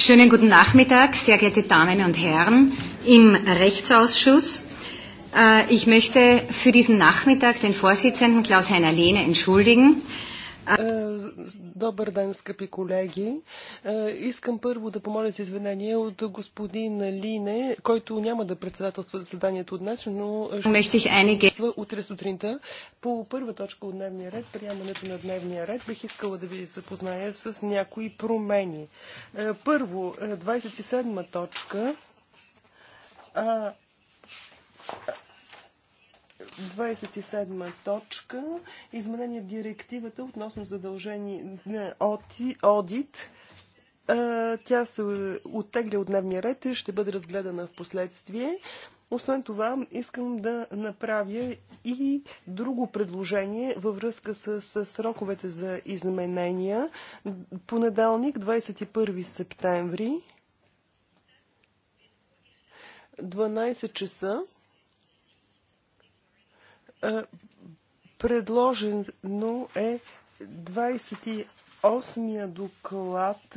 Schönen guten Nachmittag, sehr geehrte Damen und Herren im Rechtsausschuss. Ich möchte für diesen Nachmittag den Vorsitzenden Klaus-Heiner Lehne entschuldigen. Добър ден, скъпи колеги. Е, искам първо да помоля за извинение от господин Лине, който няма да председателства заседанието днес, но ще утре сутринта. По първа точка от дневния ред, приемането на дневния ред, бих искала да ви запозная с някои промени. Е, първо, 27 е, точка. 27 точка. Изменение в директивата относно на одит. Тя се оттегля от дневния ред и ще бъде разгледана в последствие. Освен това, искам да направя и друго предложение във връзка с, с сроковете за изменения. Понеделник, 21 септември, 12 часа. Е, предложено е 28-я доклад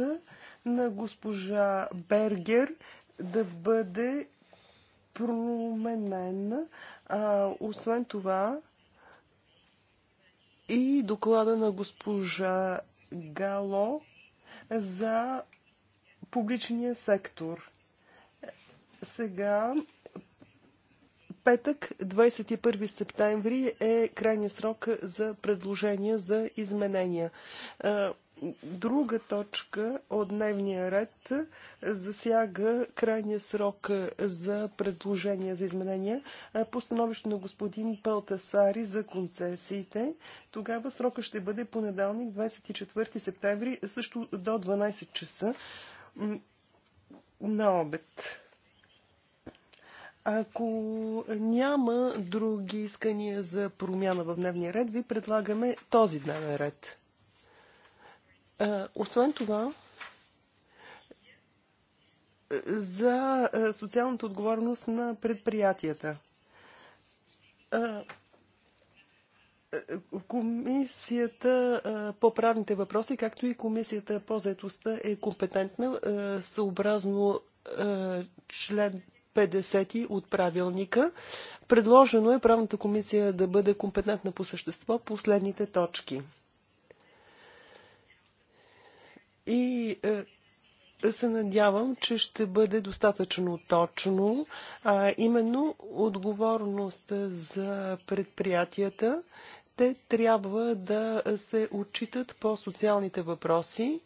на госпожа Бергер да бъде променена. А, освен това и доклада на госпожа Гало за публичния сектор. Сега петък, 21 септември, е крайния срок за предложения за изменения. Друга точка от дневния ред засяга крайния срок за предложения за изменения по становище на господин Пълтасари за концесиите. Тогава срока ще бъде понеделник, 24 септември, също до 12 часа на обед. Ако няма други искания за промяна в дневния ред, ви предлагаме този дневен ред. Освен това, за социалната отговорност на предприятията. Комисията по правните въпроси, както и Комисията по заедостта е компетентна съобразно член 50 от правилника. Предложено е правната комисия да бъде компетентна по същество по следните точки. И е, се надявам, че ще бъде достатъчно точно, а именно отговорността за предприятията. Те трябва да се отчитат по социалните въпроси,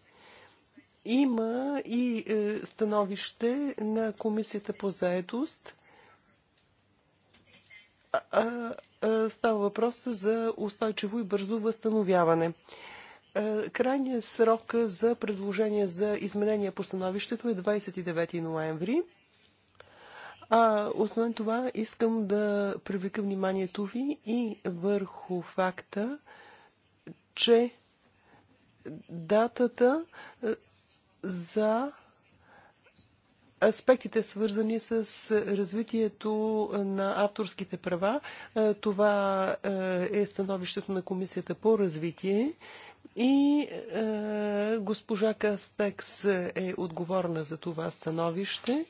има и е, становище на Комисията по заедост. Става въпрос за устойчиво и бързо възстановяване. Е, крайният срок за предложение за изменение по становището е 29 ноември. А, освен това, искам да привлека вниманието ви и върху факта, че датата е, за аспектите свързани с развитието на авторските права. Е, това е, е становището на Комисията по развитие. И е, госпожа Кастекс е отговорна за това становище.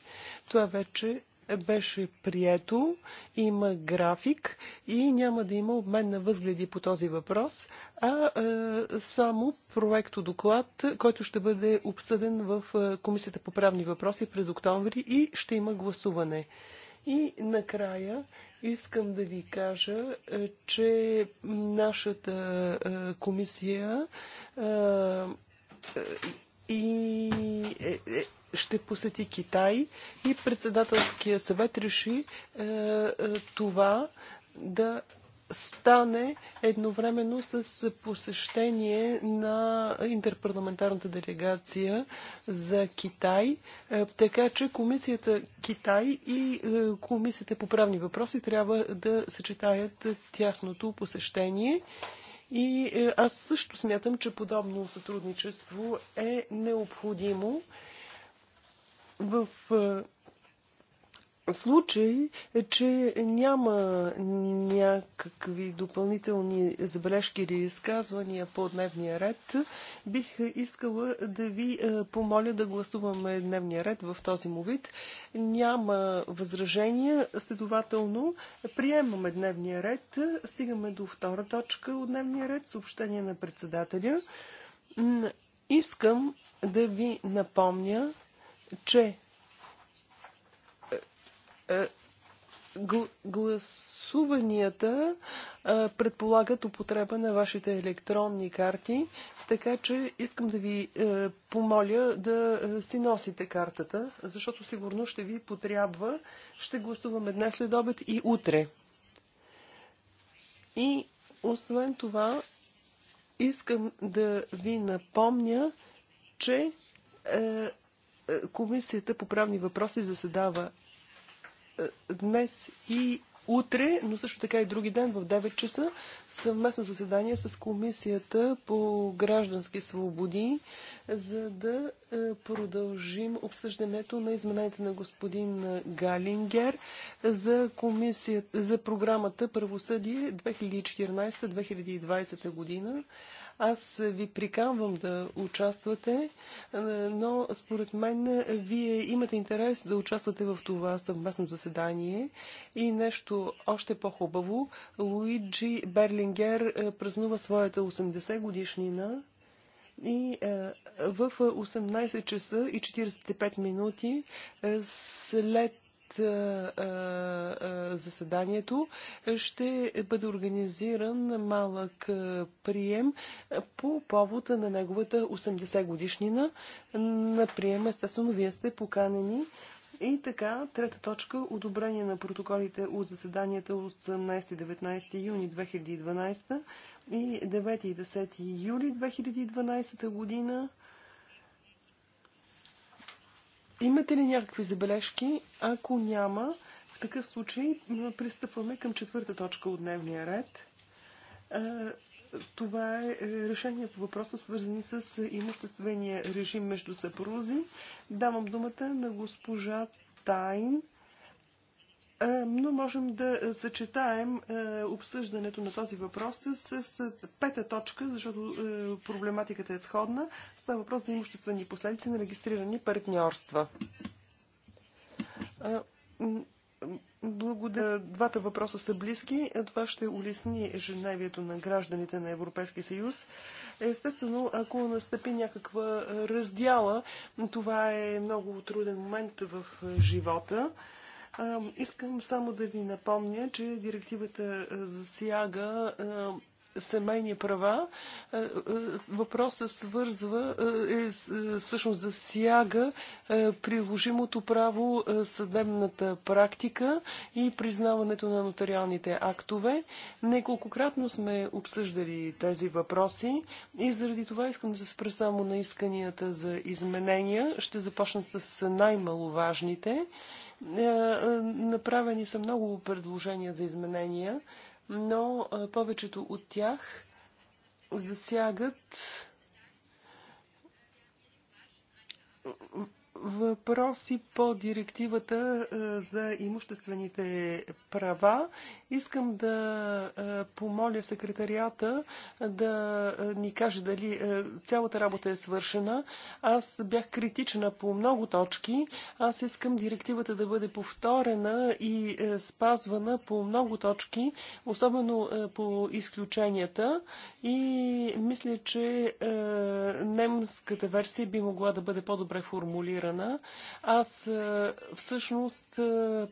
Това вече беше прието, има график и няма да има обмен на възгледи по този въпрос, а е, само проекто доклад, който ще бъде обсъден в е, Комисията по правни въпроси през октомври и ще има гласуване. И накрая искам да ви кажа, е, че нашата е, комисия е, и ще посети Китай и председателския съвет реши е, е, това да стане едновременно с посещение на интерпарламентарната делегация за Китай. Е, така че комисията Китай и е, комисията по правни въпроси трябва да съчетаят тяхното посещение. И е, аз също смятам, че подобно сътрудничество е необходимо в случай, че няма някакви допълнителни забележки или изказвания по дневния ред, бих искала да ви помоля да гласуваме дневния ред в този му вид. Няма възражения, следователно приемаме дневния ред. Стигаме до втора точка от дневния ред, съобщение на председателя. Искам да ви напомня, че е, е, гласуванията е, предполагат употреба на вашите електронни карти, така че искам да ви помоля да си носите картата, защото сигурно ще ви потрябва. Ще гласуваме днес след обед и утре. И освен това, искам да ви напомня, че Комисията по правни въпроси заседава е, днес и утре, но също така и други ден в 9 часа съвместно заседание с Комисията по граждански свободи, за да е, продължим обсъждането на измененията на господин Галингер за, комисията, за програмата Правосъдие 2014-2020 година. Аз ви приканвам да участвате, е, но според мен вие имате интерес да участвате в това съвместно заседание и нещо още по-хубаво. Луиджи Берлингер е, празнува своята 80 годишнина и е, в 18 часа и 45 минути след заседанието ще бъде организиран малък прием по повод на неговата 80 годишнина на прием. Естествено, вие сте поканени. И така, трета точка – одобрение на протоколите от заседанията от 18-19 юни 2012 и 9 10 юли 2012 година. Имате ли някакви забележки? Ако няма, в такъв случай пристъпваме към четвърта точка от дневния ред. Това е, е решение по въпроса, свързани с е, имуществения режим между съпрузи. Давам думата на госпожа Тайн но можем да съчетаем обсъждането на този въпрос с, с пета точка, защото проблематиката е сходна. Става въпрос за имуществени последици на регистрирани партньорства. Благодаря. Двата въпроса са близки. Това ще улесни ежедневието на гражданите на Европейския съюз. Естествено, ако настъпи някаква раздяла, това е много труден момент в живота. Искам само да ви напомня, че директивата засяга семейни права. Въпросът свързва, е, всъщност засяга приложимото право, съдебната практика и признаването на нотариалните актове. Неколкократно сме обсъждали тези въпроси и заради това искам да се спра само на исканията за изменения. Ще започна с най-маловажните. важните е, е, направени са много предложения за изменения, но е, повечето от тях засягат въпроси по директивата е, за имуществените права. Искам да е, помоля секретарията е, да ни каже дали цялата работа е свършена. Аз бях критична по много точки. Аз искам директивата да бъде повторена и спазвана по много точки, особено по изключенията. И мисля, че немската версия би могла да бъде по-добре формулирана страна. Аз всъщност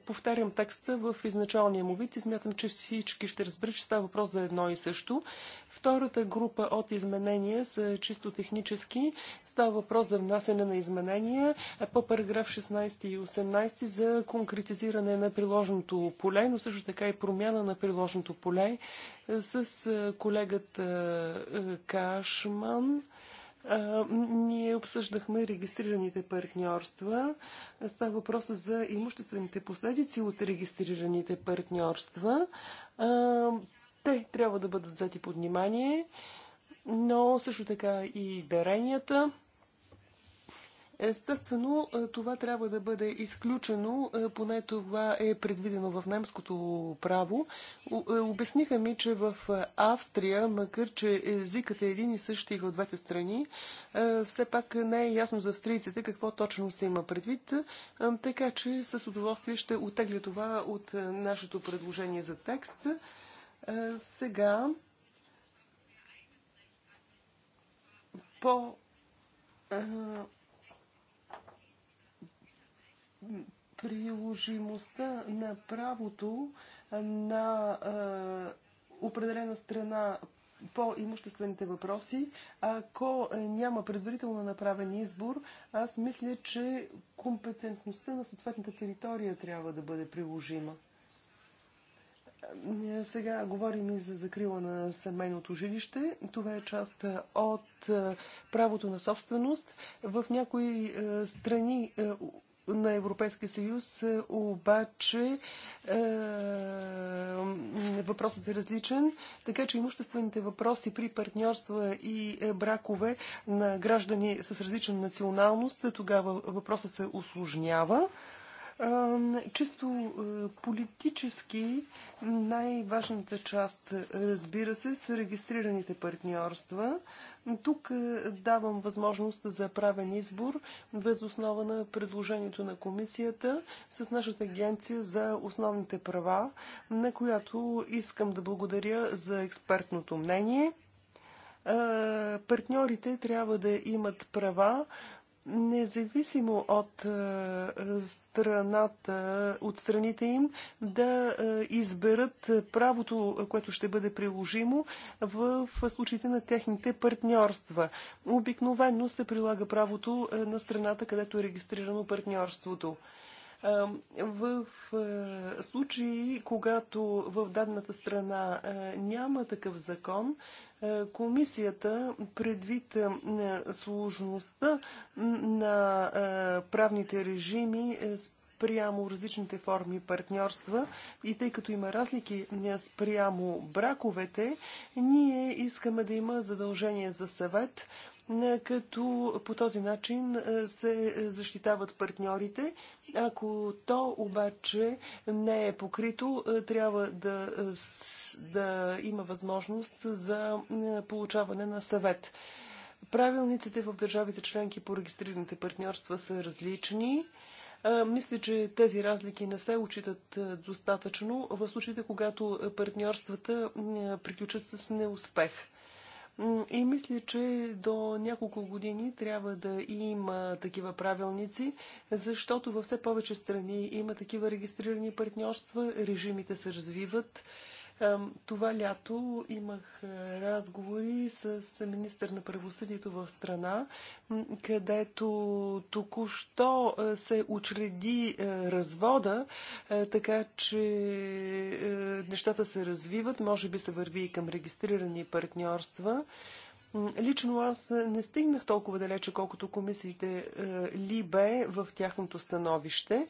повтарям текста в изначалния му вид и смятам, че всички ще разберат, че става въпрос за едно и също. Втората група от изменения са чисто технически. Става въпрос за внасене на изменения по параграф 16 и 18 за конкретизиране на приложното поле, но също така и промяна на приложното поле с колегата Кашман. Ние обсъждахме регистрираните партньорства. Става въпроса за имуществените последици от регистрираните партньорства. Те трябва да бъдат взети под внимание, но също така и даренията – Естествено, е, това трябва да бъде изключено, е, поне това е предвидено в немското право. Е, обясниха ми, че в Австрия, макар че езикът е един и същи и в двете страни, все пак не е ясно за австрийците какво точно се има предвид, така че с удоволствие ще отегля това от нашето предложение за текст. Сега по приложимостта на правото на определена страна по имуществените въпроси, ако няма предварително направен избор, аз мисля, че компетентността на съответната територия трябва да бъде приложима. Сега говорим и за закрила на семейното жилище. Това е част от правото на собственост. В някои страни на Европейския съюз, е, обаче е, въпросът е различен, така че имуществените въпроси при партньорства и е, бракове на граждани с различна националност, е, тогава въпросът се осложнява. Чисто е, политически най-важната част, разбира се, са регистрираните партньорства. Тук е, давам възможност за правен избор без основа на предложението на комисията с нашата агенция за основните права, на която искам да благодаря за експертното мнение е, партньорите трябва да имат права независимо от е, страната, от страните им, да е, изберат правото, което ще бъде приложимо в случаите на техните партньорства. Обикновено се прилага правото е, на страната, където е регистрирано партньорството. В случаи, когато в дадената страна няма такъв закон, е, комисията, предвид е, сложността на е, правните режими, спрямо различните форми партньорства и тъй като има разлики спрямо браковете, ние искаме да има задължение за съвет, като по този начин се защитават партньорите ако то обаче не е покрито, е, трябва да, да има възможност за е, получаване на съвет. Правилниците в държавите членки по регистрираните партньорства са различни. Е, мисля, че тези разлики не се очитат достатъчно в случаите, когато партньорствата приключат с неуспех. И мисля, че до няколко години трябва да има такива правилници, защото във все повече страни има такива регистрирани партньорства, режимите се развиват. Това лято имах разговори с министър на правосъдието в страна, където току-що се учреди развода, така че нещата се развиват, може би се върви и към регистрирани партньорства. Лично аз не стигнах толкова далече, колкото комисиите Либе в тяхното становище.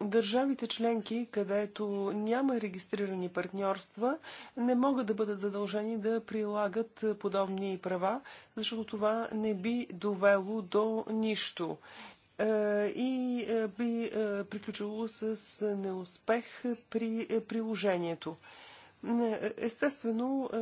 Държавите членки, където няма регистрирани партньорства, не могат да бъдат задължени да прилагат подобни права, защото това не би довело до нищо е, и е, би е, приключило с неуспех при приложението. Естествено, е,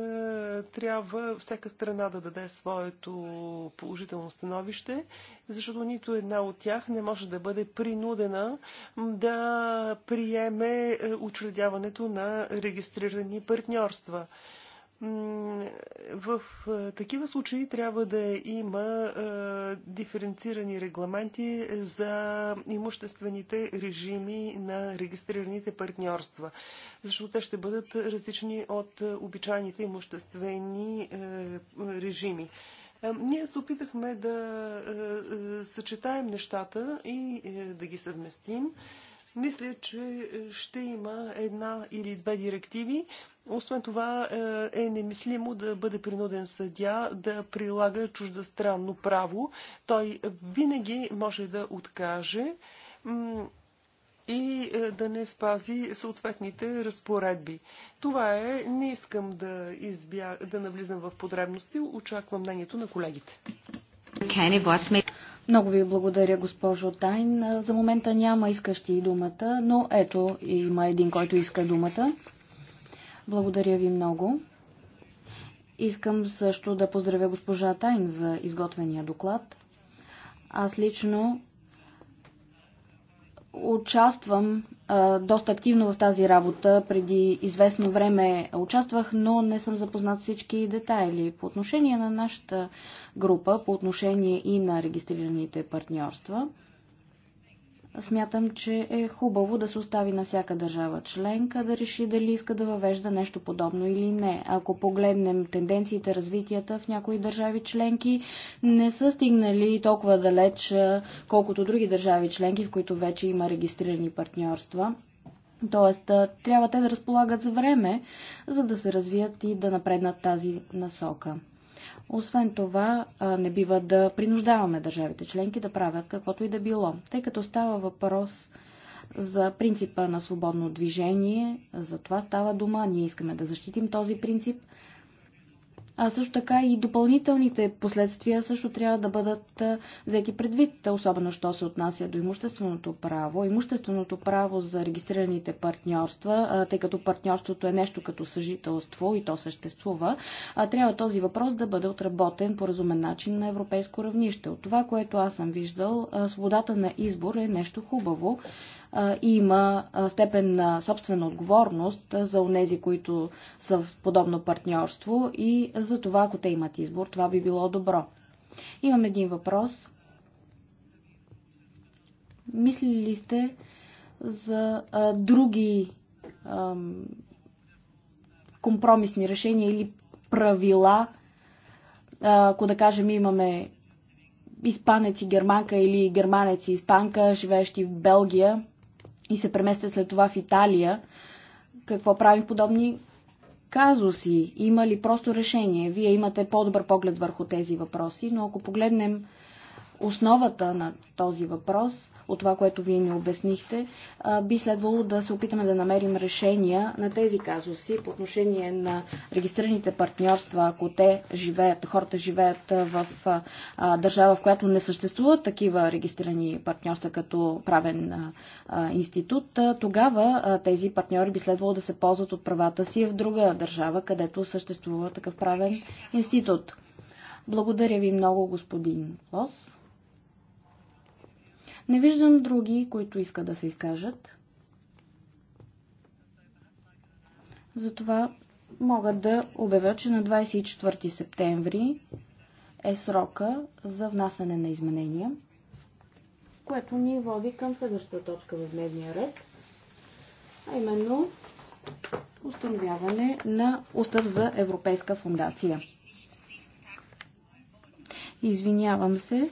трябва всяка страна да даде своето положително становище, защото нито една от тях не може да бъде принудена да приеме е, учредяването на регистрирани партньорства. В такива случаи трябва да има диференцирани регламенти за имуществените режими на регистрираните партньорства, защото те ще бъдат различни от обичайните имуществени е, режими. Е, ние се опитахме да е, съчетаем нещата и да ги съвместим. Мисля, че е, ще има една или две директиви. Освен това е, е немислимо да бъде принуден съдя да прилага чуждестранно право. Той винаги може да откаже и е, да не спази съответните разпоредби. Това е. Не искам да, избя... да навлизам в подребности. Очаквам мнението на колегите. Много ви благодаря, госпожо Тайн. За момента няма искащи думата, но ето има един, който иска думата. Благодаря ви много. Искам също да поздравя госпожа Тайн за изготвения доклад. Аз лично участвам а, доста активно в тази работа. Преди известно време участвах, но не съм запознат всички детайли. По отношение на нашата група, по отношение и на регистрираните партньорства – Смятам, че е хубаво да се остави на всяка държава членка да реши дали иска да въвежда нещо подобно или не. Ако погледнем тенденциите, развитията в някои държави членки, не са стигнали толкова далеч, колкото други държави членки, в които вече има регистрирани партньорства. Тоест, трябва те да разполагат с време, за да се развият и да напреднат тази насока. Освен това, не бива да принуждаваме държавите членки да правят каквото и да било, тъй като става въпрос за принципа на свободно движение. За това става дума. Ние искаме да защитим този принцип а също така и допълнителните последствия също трябва да бъдат взети предвид, особено що се отнася до имущественото право. Имущественото право за регистрираните партньорства, тъй като партньорството е нещо като съжителство и то съществува, трябва този въпрос да бъде отработен по разумен начин на европейско равнище. От това, което аз съм виждал, свободата на избор е нещо хубаво, има степен на собствена отговорност за онези, които са в подобно партньорство и за това, ако те имат избор, това би било добро. Имам един въпрос. Мислили ли сте за а, други а, компромисни решения или правила, а, ако да кажем имаме испанец и германка или германец и испанка, живеещи в Белгия, и се преместят след това в Италия, какво правим в подобни казуси? Има ли просто решение? Вие имате по-добър поглед върху тези въпроси, но ако погледнем основата на този въпрос, от това, което вие ни обяснихте, би следвало да се опитаме да намерим решения на тези казуси по отношение на регистрираните партньорства, ако те живеят, хората живеят в държава, в която не съществуват такива регистрирани партньорства като правен институт, тогава тези партньори би следвало да се ползват от правата си в друга държава, където съществува такъв правен институт. Благодаря ви много, господин Лос. Не виждам други, които искат да се изкажат. Затова мога да обявя, че на 24 септември е срока за внасяне на изменения, което ни води към следващата точка в дневния ред, а именно установяване на Устав за Европейска фундация. Извинявам се,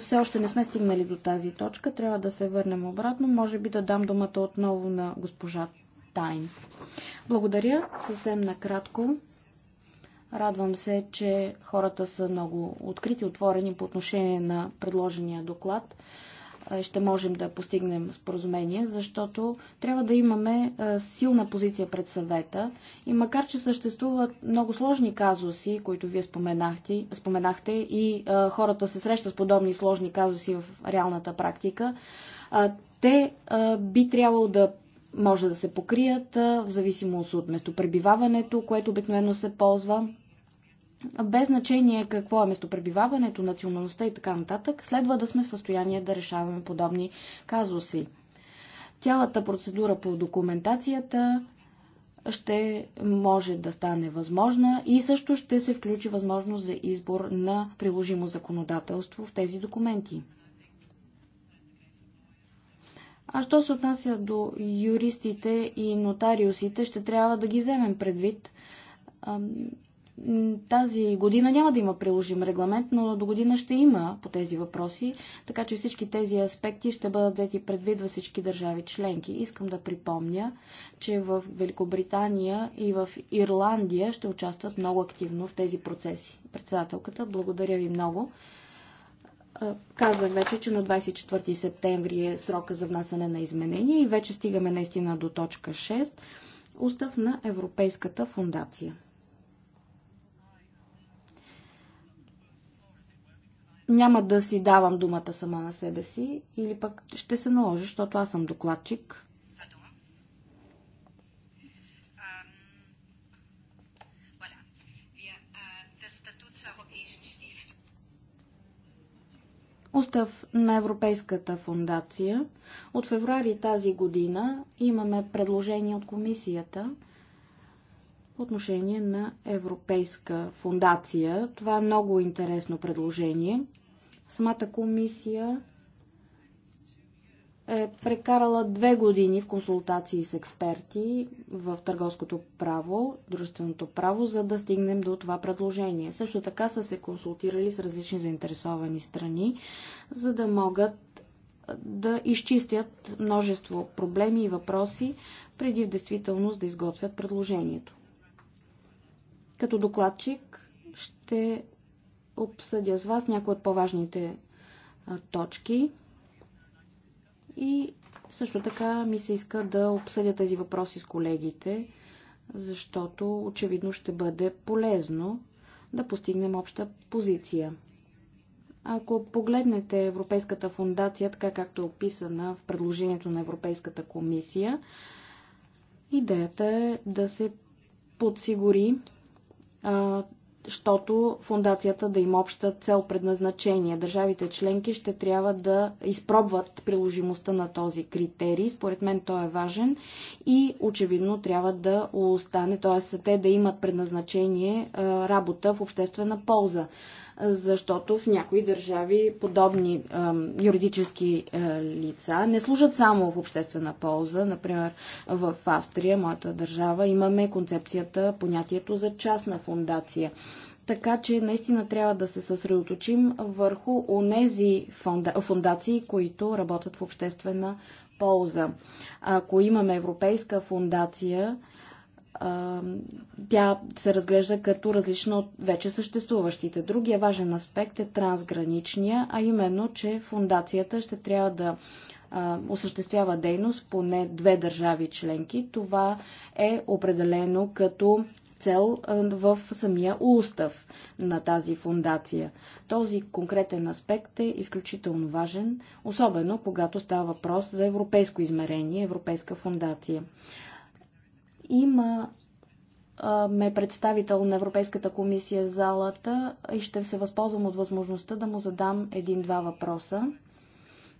все още не сме стигнали до тази точка. Трябва да се върнем обратно. Може би да дам думата отново на госпожа Тайн. Благодаря. Съвсем накратко. Радвам се, че хората са много открити, отворени по отношение на предложения доклад. Е, ще можем да постигнем споразумение, защото трябва да имаме е, силна позиция пред съвета и макар, че съществуват много сложни казуси, които вие споменахте, споменахте и е, хората се срещат с подобни сложни казуси в реалната практика, те би трябвало да може да се покрият в зависимост от местопребиваването, което обикновено се ползва без значение какво е местопребиваването, националността и така нататък, следва да сме в състояние да решаваме подобни казуси. Цялата процедура по документацията ще може да стане възможна и също ще се включи възможност за избор на приложимо законодателство в тези документи. А що се отнася до юристите и нотариусите, ще трябва да ги вземем предвид тази година няма да има приложим регламент, но до година ще има по тези въпроси, така че всички тези аспекти ще бъдат взети предвид във всички държави членки. Искам да припомня, че в Великобритания и в Ирландия ще участват много активно в тези процеси. Председателката, благодаря ви много. Казах вече, че на 24 септември е срока за внасяне на изменения и вече стигаме наистина до точка 6 Устав на Европейската фундация. няма да си давам думата сама на себе си или пък ще се наложи, защото аз съм докладчик. Устав на Европейската фундация. От феврари тази година имаме предложение от комисията по отношение на Европейска фундация. Това е много интересно предложение. Самата комисия е прекарала две години в консултации с експерти в търговското право, дружественото право, за да стигнем до това предложение. Също така са се консултирали с различни заинтересовани страни, за да могат да изчистят множество проблеми и въпроси, преди в действителност да изготвят предложението. Като докладчик ще обсъдя с вас някои от по-важните точки. И също така ми се иска да обсъдя тези въпроси с колегите, защото очевидно ще бъде полезно да постигнем обща позиция. Ако погледнете Европейската фундация, така както е описана в предложението на Европейската комисия, идеята е да се подсигури а, защото фундацията да има обща цел предназначение. Държавите членки ще трябва да изпробват приложимостта на този критерий. Според мен той е важен и очевидно трябва да остане, т.е. те да имат предназначение работа в обществена полза защото в някои държави подобни юридически е, лица не служат само в обществена полза. Например, в Австрия, моята държава, имаме концепцията, понятието за частна фундация. Така че наистина трябва да се съсредоточим върху онези фунда... фундации, които работят в обществена полза. Ако имаме Европейска фундация, тя се разглежда като различна от вече съществуващите. Другия важен аспект е трансграничния, а именно, че фундацията ще трябва да осъществява дейност поне две държави членки. Това е определено като цел в самия устав на тази фундация. Този конкретен аспект е изключително важен, особено когато става въпрос за европейско измерение, европейска фундация. Има ме представител на Европейската комисия в залата и ще се възползвам от възможността да му задам един-два въпроса,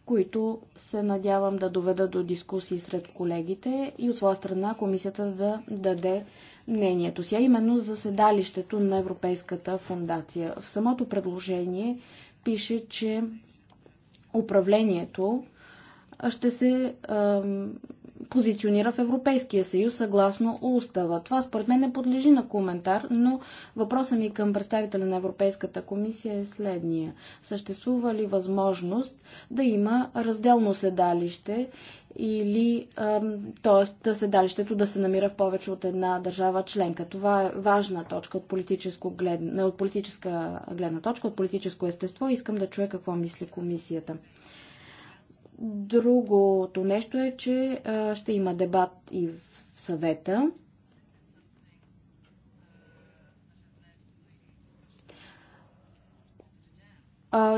които се надявам да доведа до дискусии сред колегите и от своя страна комисията да даде мнението си, а именно за седалището на Европейската фундация. В самото предложение пише, че управлението ще се позиционира в Европейския съюз съгласно устава. Това според мен не подлежи на коментар, но въпросът ми към представителя на Европейската комисия е следния. Съществува ли възможност да има разделно седалище или т.е. седалището да се намира в повече от една държава членка. Това е важна точка от, политическо глед... от политическа гледна точка, от политическо естество. Искам да чуя какво мисли комисията. Другото нещо е, че ще има дебат и в съвета.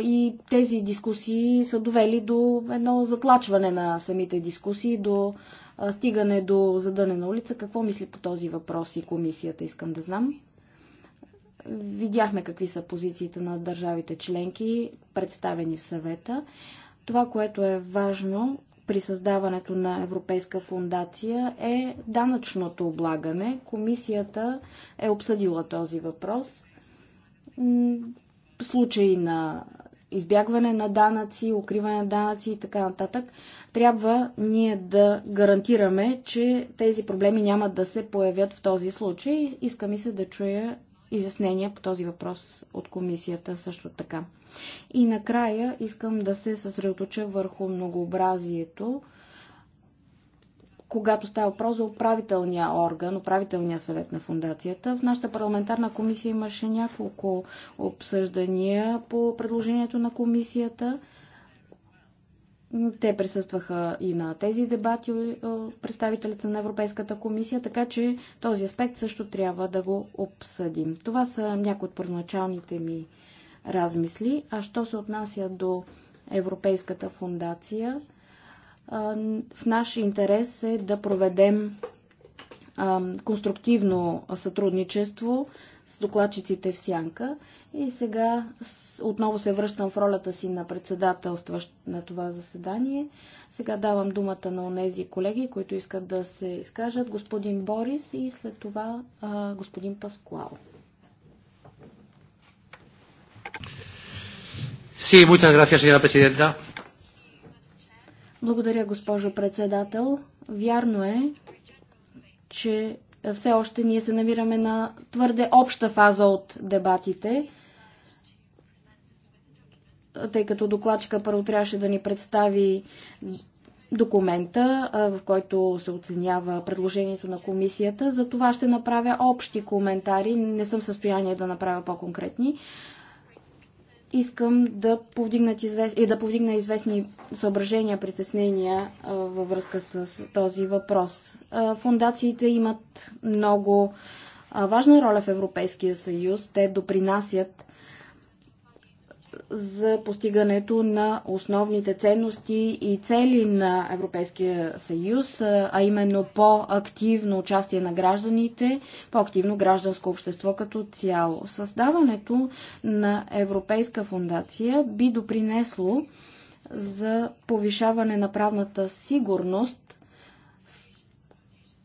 и тези дискусии са довели до едно затлачване на самите дискусии, до стигане до задънена улица. Какво мисли по този въпрос и комисията, искам да знам. Видяхме какви са позициите на държавите членки, представени в съвета. Това, което е важно при създаването на Европейска фундация е данъчното облагане. Комисията е обсъдила този въпрос. Случаи на избягване на данъци, укриване на данъци и така нататък, трябва ние да гарантираме, че тези проблеми няма да се появят в този случай. Иска ми се да чуя изяснения по този въпрос от комисията също така. И накрая искам да се съсредоточа върху многообразието, когато става въпрос за управителния орган, управителния съвет на фундацията. В нашата парламентарна комисия имаше няколко обсъждания по предложението на комисията. Те присъстваха и на тези дебати е, е, представителите на Европейската комисия, така че този аспект също трябва да го обсъдим. Това са някои от първоначалните ми размисли. А що се отнася до Европейската фундация, е, в наш интерес е да проведем конструктивно сътрудничество с докладчиците в Сянка. И сега отново се връщам в ролята си на председателстващ на това заседание. Сега давам думата на онези колеги, които искат да се изкажат. Господин Борис и след това а, господин Паскуал. Sí, muchas gracias, señora presidenta. Благодаря, госпожо председател. Вярно е, че все още ние се намираме на твърде обща фаза от дебатите, тъй като докладчика първо трябваше да ни представи документа, в който се оценява предложението на комисията. За това ще направя общи коментари. Не съм в състояние да направя по-конкретни искам да, извест... и да повдигна известни съображения, притеснения във връзка с този въпрос. Фундациите имат много важна роля в Европейския съюз. Те допринасят за постигането на основните ценности и цели на Европейския съюз, а именно по-активно участие на гражданите, по-активно гражданско общество като цяло. Създаването на Европейска фундация би допринесло за повишаване на правната сигурност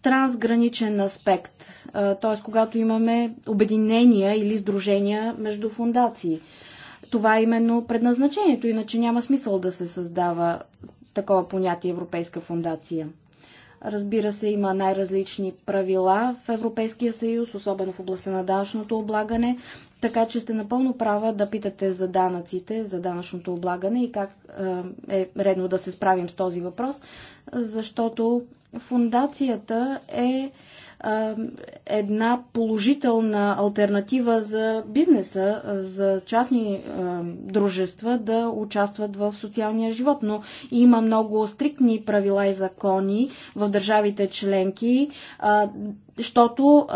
трансграничен аспект, т.е. когато имаме обединения или сдружения между фундации. Това е именно предназначението, иначе няма смисъл да се създава такова понятие Европейска фундация. Разбира се, има най-различни правила в Европейския съюз, особено в областта на данъчното облагане, така че сте напълно права да питате за данъците, за данъчното облагане и как е, е редно да се справим с този въпрос, защото фундацията е една положителна альтернатива за бизнеса, за частни дружества да участват в социалния живот. Но има много стриктни правила и закони в държавите членки, защото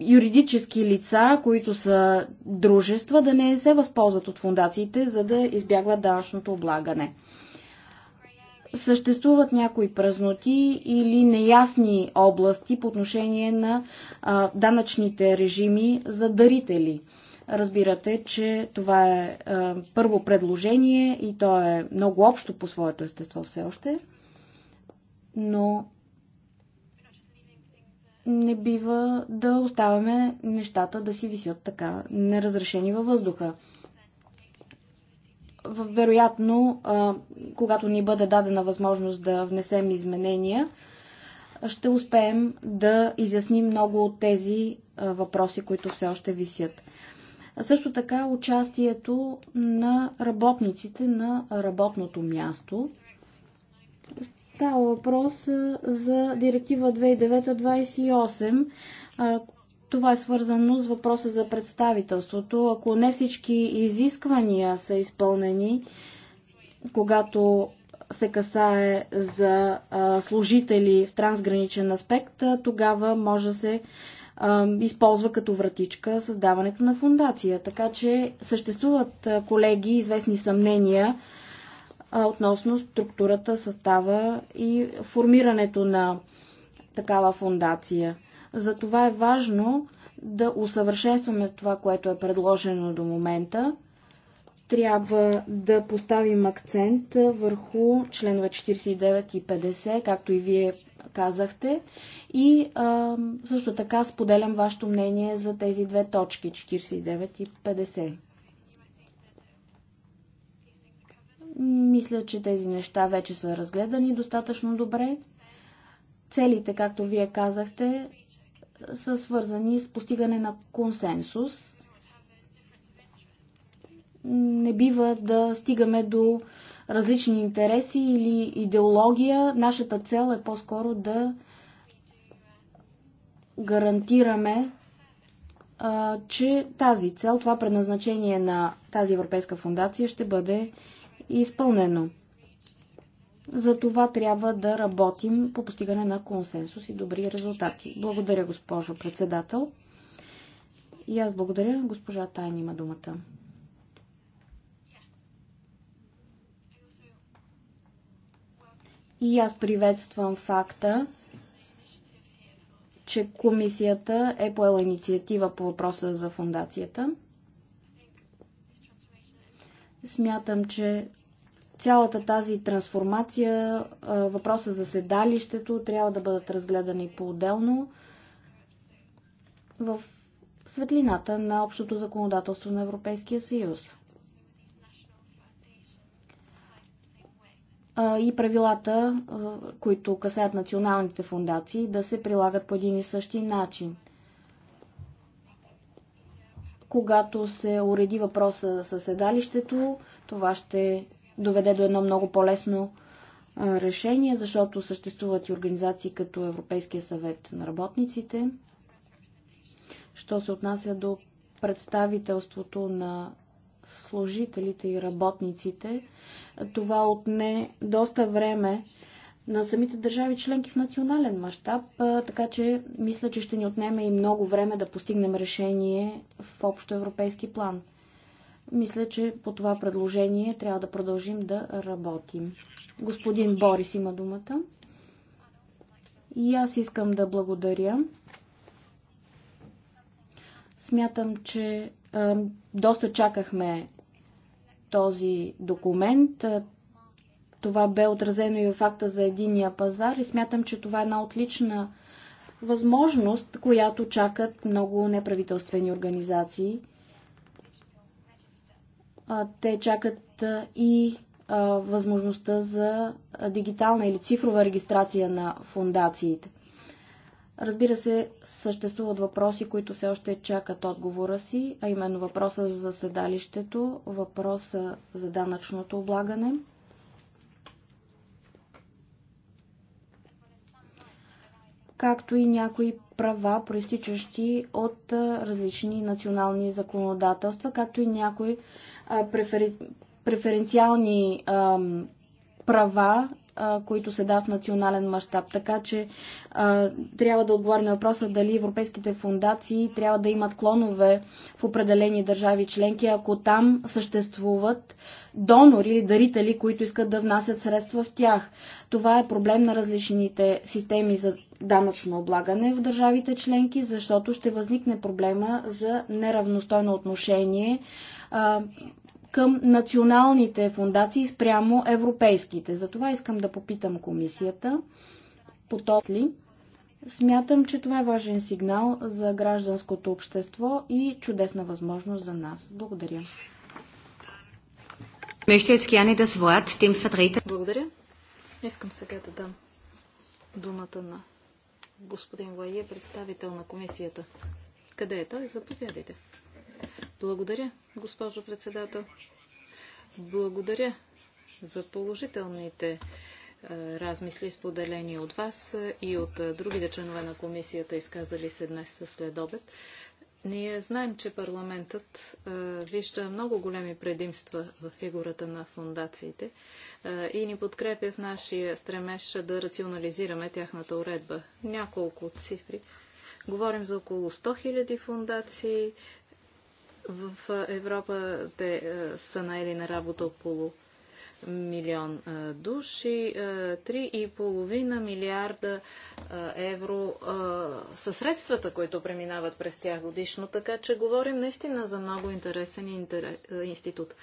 юридически лица, които са дружества, да не се възползват от фундациите, за да избягват данъчното облагане съществуват някои празноти или неясни области по отношение на а, данъчните режими за дарители. Разбирате, че това е а, първо предложение и то е много общо по своето естество все още, но не бива да оставяме нещата да си висят така неразрешени във въздуха вероятно, когато ни бъде дадена възможност да внесем изменения, ще успеем да изясним много от тези въпроси, които все още висят. А също така участието на работниците на работното място. Става въпрос за директива 2009-28, това е свързано с въпроса за представителството. Ако не всички изисквания са изпълнени, когато се касае за служители в трансграничен аспект, тогава може да се използва като вратичка създаването на фундация. Така че съществуват, колеги, известни съмнения относно структурата, състава и формирането на такава фундация. Затова е важно да усъвършенстваме това, което е предложено до момента. Трябва да поставим акцент върху членове 49 и 50, както и вие казахте. И а, също така споделям вашето мнение за тези две точки 49 и 50. Мисля, че тези неща вече са разгледани достатъчно добре. Целите, както вие казахте, са свързани с постигане на консенсус. Не бива да стигаме до различни интереси или идеология. Нашата цел е по-скоро да гарантираме, че тази цел, това предназначение на тази Европейска фундация ще бъде изпълнено. За това трябва да работим по постигане на консенсус и добри резултати. Благодаря, госпожо председател. И аз благодаря. Госпожа Тайни има думата. И аз приветствам факта, че комисията е поела инициатива по въпроса за фундацията. Смятам, че цялата тази трансформация, въпроса за седалището трябва да бъдат разгледани по-отделно в светлината на общото законодателство на Европейския съюз. И правилата, които касаят националните фундации, да се прилагат по един и същи начин – когато се уреди въпроса със седалището, това ще доведе до едно много по-лесно решение, защото съществуват и организации като Европейския съвет на работниците. Що се отнася до представителството на служителите и работниците, това отне доста време на самите държави членки в национален мащаб, така че мисля, че ще ни отнеме и много време да постигнем решение в общо европейски план. Мисля, че по това предложение трябва да продължим да работим. Господин Борис има думата. И аз искам да благодаря. Смятам, че е, доста чакахме този документ. Това бе отразено и в факта за единия пазар и смятам, че това е една отлична възможност, която чакат много неправителствени организации те чакат и възможността за дигитална или цифрова регистрация на фундациите. Разбира се, съществуват въпроси, които все още чакат отговора си, а именно въпроса за седалището, въпроса за данъчното облагане. както и някои права, проистичащи от различни национални законодателства, както и някои префер... преференциални а, права, а, които се дават в национален мащаб. Така че а, трябва да отговорим на въпроса дали европейските фундации трябва да имат клонове в определени държави членки, ако там съществуват донори или дарители, които искат да внасят средства в тях. Това е проблем на различните системи за данъчно облагане в държавите членки, защото ще възникне проблема за неравностойно отношение а, към националните фундации спрямо европейските. Затова искам да попитам комисията по този. Смятам, че това е важен сигнал за гражданското общество и чудесна възможност за нас. Благодаря. Благодаря. Искам сега да дам думата на господин Вайе, представител на комисията. Къде е той? Заповядайте. Благодаря, госпожо председател. Благодаря за положителните е, размисли, споделени от вас и от е, другите членове на комисията, изказали се днес след обед. Ние знаем, че парламентът е, вижда много големи предимства в фигурата на фундациите и ни подкрепя в нашия стремеж да рационализираме тяхната уредба. Няколко цифри. Говорим за около 100 000 фундации, в Европа те са наели на работа около милион души, 3,5 милиарда евро са средствата, които преминават през тях годишно, така че говорим наистина за много интересен институт.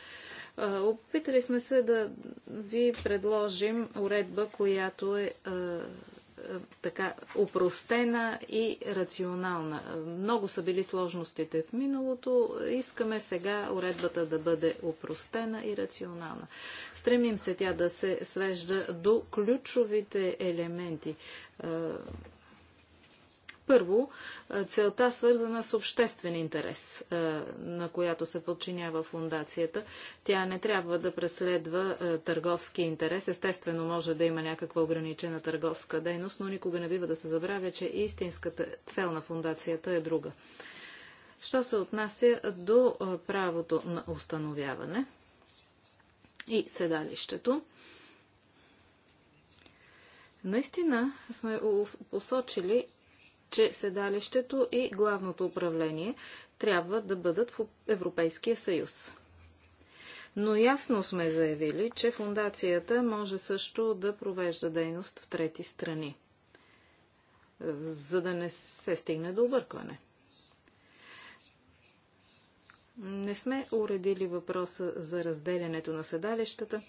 Опитали сме се да ви предложим уредба, която е така упростена и рационална. Много са били сложностите в миналото. Искаме сега уредбата да бъде упростена и рационална. Стремим се тя да се свежда до ключовите елементи е, първо, целта свързана с обществен интерес, на която се подчинява фундацията. Тя не трябва да преследва търговски интерес. Естествено, може да има някаква ограничена търговска дейност, но никога не бива да се забравя, че истинската цел на фундацията е друга. Що се отнася до правото на установяване и седалището, наистина сме посочили че седалището и главното управление трябва да бъдат в Европейския съюз. Но ясно сме заявили, че фундацията може също да провежда дейност в трети страни, за да не се стигне до объркване. Не сме уредили въпроса за разделянето на седалищата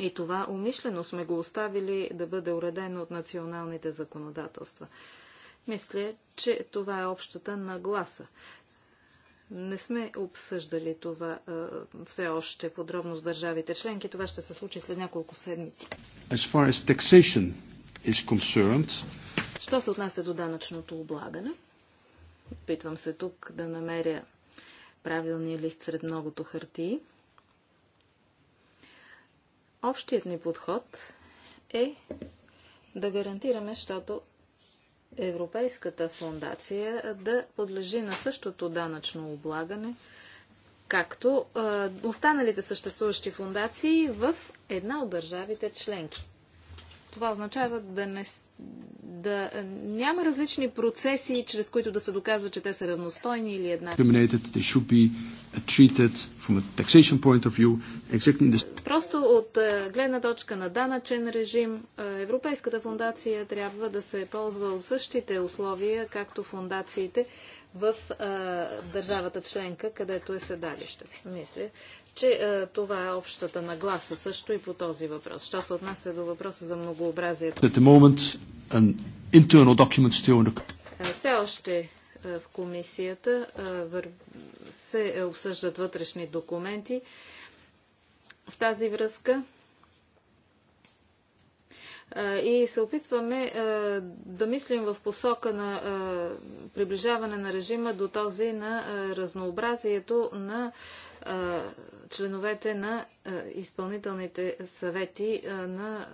и това умишлено сме го оставили да бъде уредено от националните законодателства. Мисля, че това е общата нагласа. Не сме обсъждали това е, все още подробно с държавите членки. Това ще се случи след няколко седмици. As far as taxation is concerned... Що се отнася до данъчното облагане? Опитвам се тук да намеря правилния лист сред многото хартии. Общият ни подход е да гарантираме, защото Европейската фундация да подлежи на същото данъчно облагане, както останалите съществуващи фундации в една от държавите членки. Това означава да, не, да е, няма различни процеси, чрез които да се доказва, че те са равностойни или еднакви. Uh, Просто от е, гледна точка на данъчен режим, е, Европейската фундация трябва да се ползва от същите условия, както фундациите в а, държавата членка, където е седалище. Мисля, че е, това е общата нагласа също и по този въпрос. Що се отнася до въпроса за многообразието? Е, все още е, в комисията е, се обсъждат вътрешни документи. В тази връзка и се опитваме да мислим в посока на приближаване на режима до този на разнообразието на членовете на изпълнителните съвети на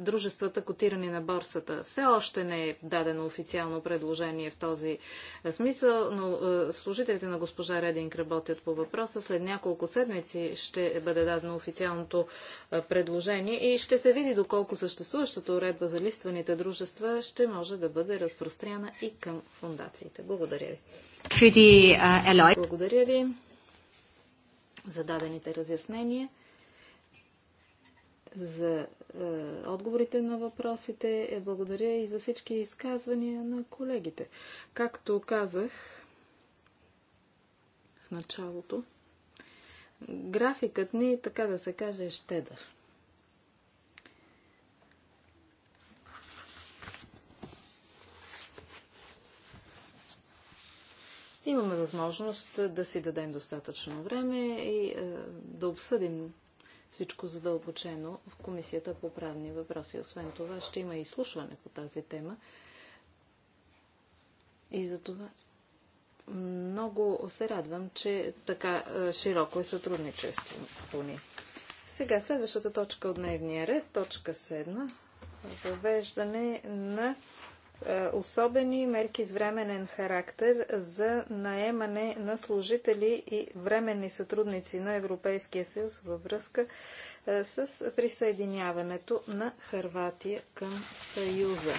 дружествата, котирани на борсата. Все още не е дадено официално предложение в този е, смисъл, но е, служителите на госпожа Рединг работят по въпроса. След няколко седмици ще бъде дадено официалното е, предложение и ще се види доколко съществуващата уредба за листваните дружества ще може да бъде разпростряна и към фундациите. Благодаря ви. Благодаря ви за дадените разяснения за е, отговорите на въпросите. Е, благодаря и за всички изказвания на колегите. Както казах в началото, графикът ни, така да се каже, е щедър. Имаме възможност да си дадем достатъчно време и е, да обсъдим всичко задълбочено в Комисията по правни въпроси. Освен това, ще има и слушване по тази тема. И за това много се радвам, че така е, широко е сътрудничеството ни. Сега следващата точка от дневния ред, точка 7, въвеждане на е, особени мерки с временен характер за наемане на служители и временни сътрудници на Европейския съюз във връзка е, с присъединяването на Харватия към Съюза. Е,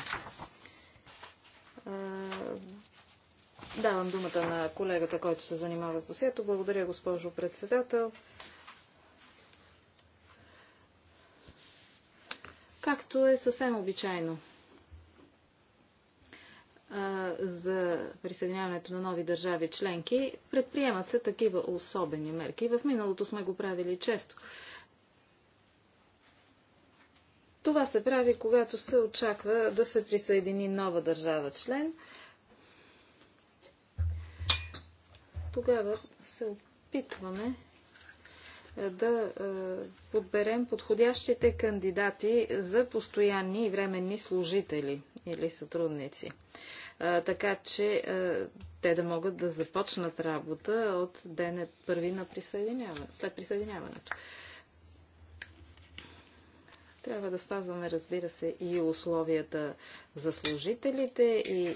давам думата на колегата, който се занимава с досието. Благодаря, госпожо председател. Както е съвсем обичайно за присъединяването на нови държави членки, предприемат се такива особени мерки. В миналото сме го правили често. Това се прави, когато се очаква да се присъедини нова държава член. Тогава се опитваме е, да е, подберем подходящите кандидати за постоянни и временни служители или сътрудници. Е, така че те да могат да започнат работа от ден първи на присъединяване, след присъединяването. Трябва да спазваме, разбира се, и условията за служителите и е,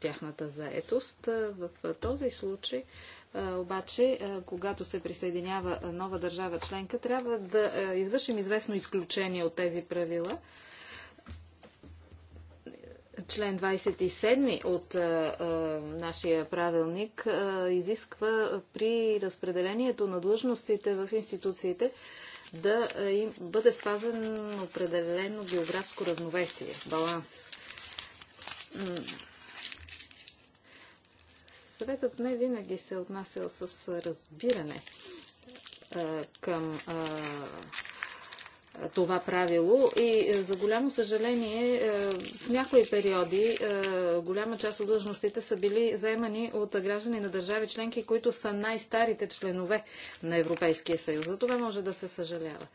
тяхната заетост. В този случай е, е, обаче, е, когато се присъединява е, нова държава членка, трябва да извършим известно изключение от тези правила. Член 27 от а, а, нашия правилник а, изисква при разпределението на длъжностите в институциите да им бъде спазен определено географско равновесие, баланс Съветът не винаги се е отнасял с разбиране към това правило и за голямо съжаление в някои периоди голяма част от длъжностите са били заемани от граждани на държави членки, които са най-старите членове на Европейския съюз. За това може да се съжалява.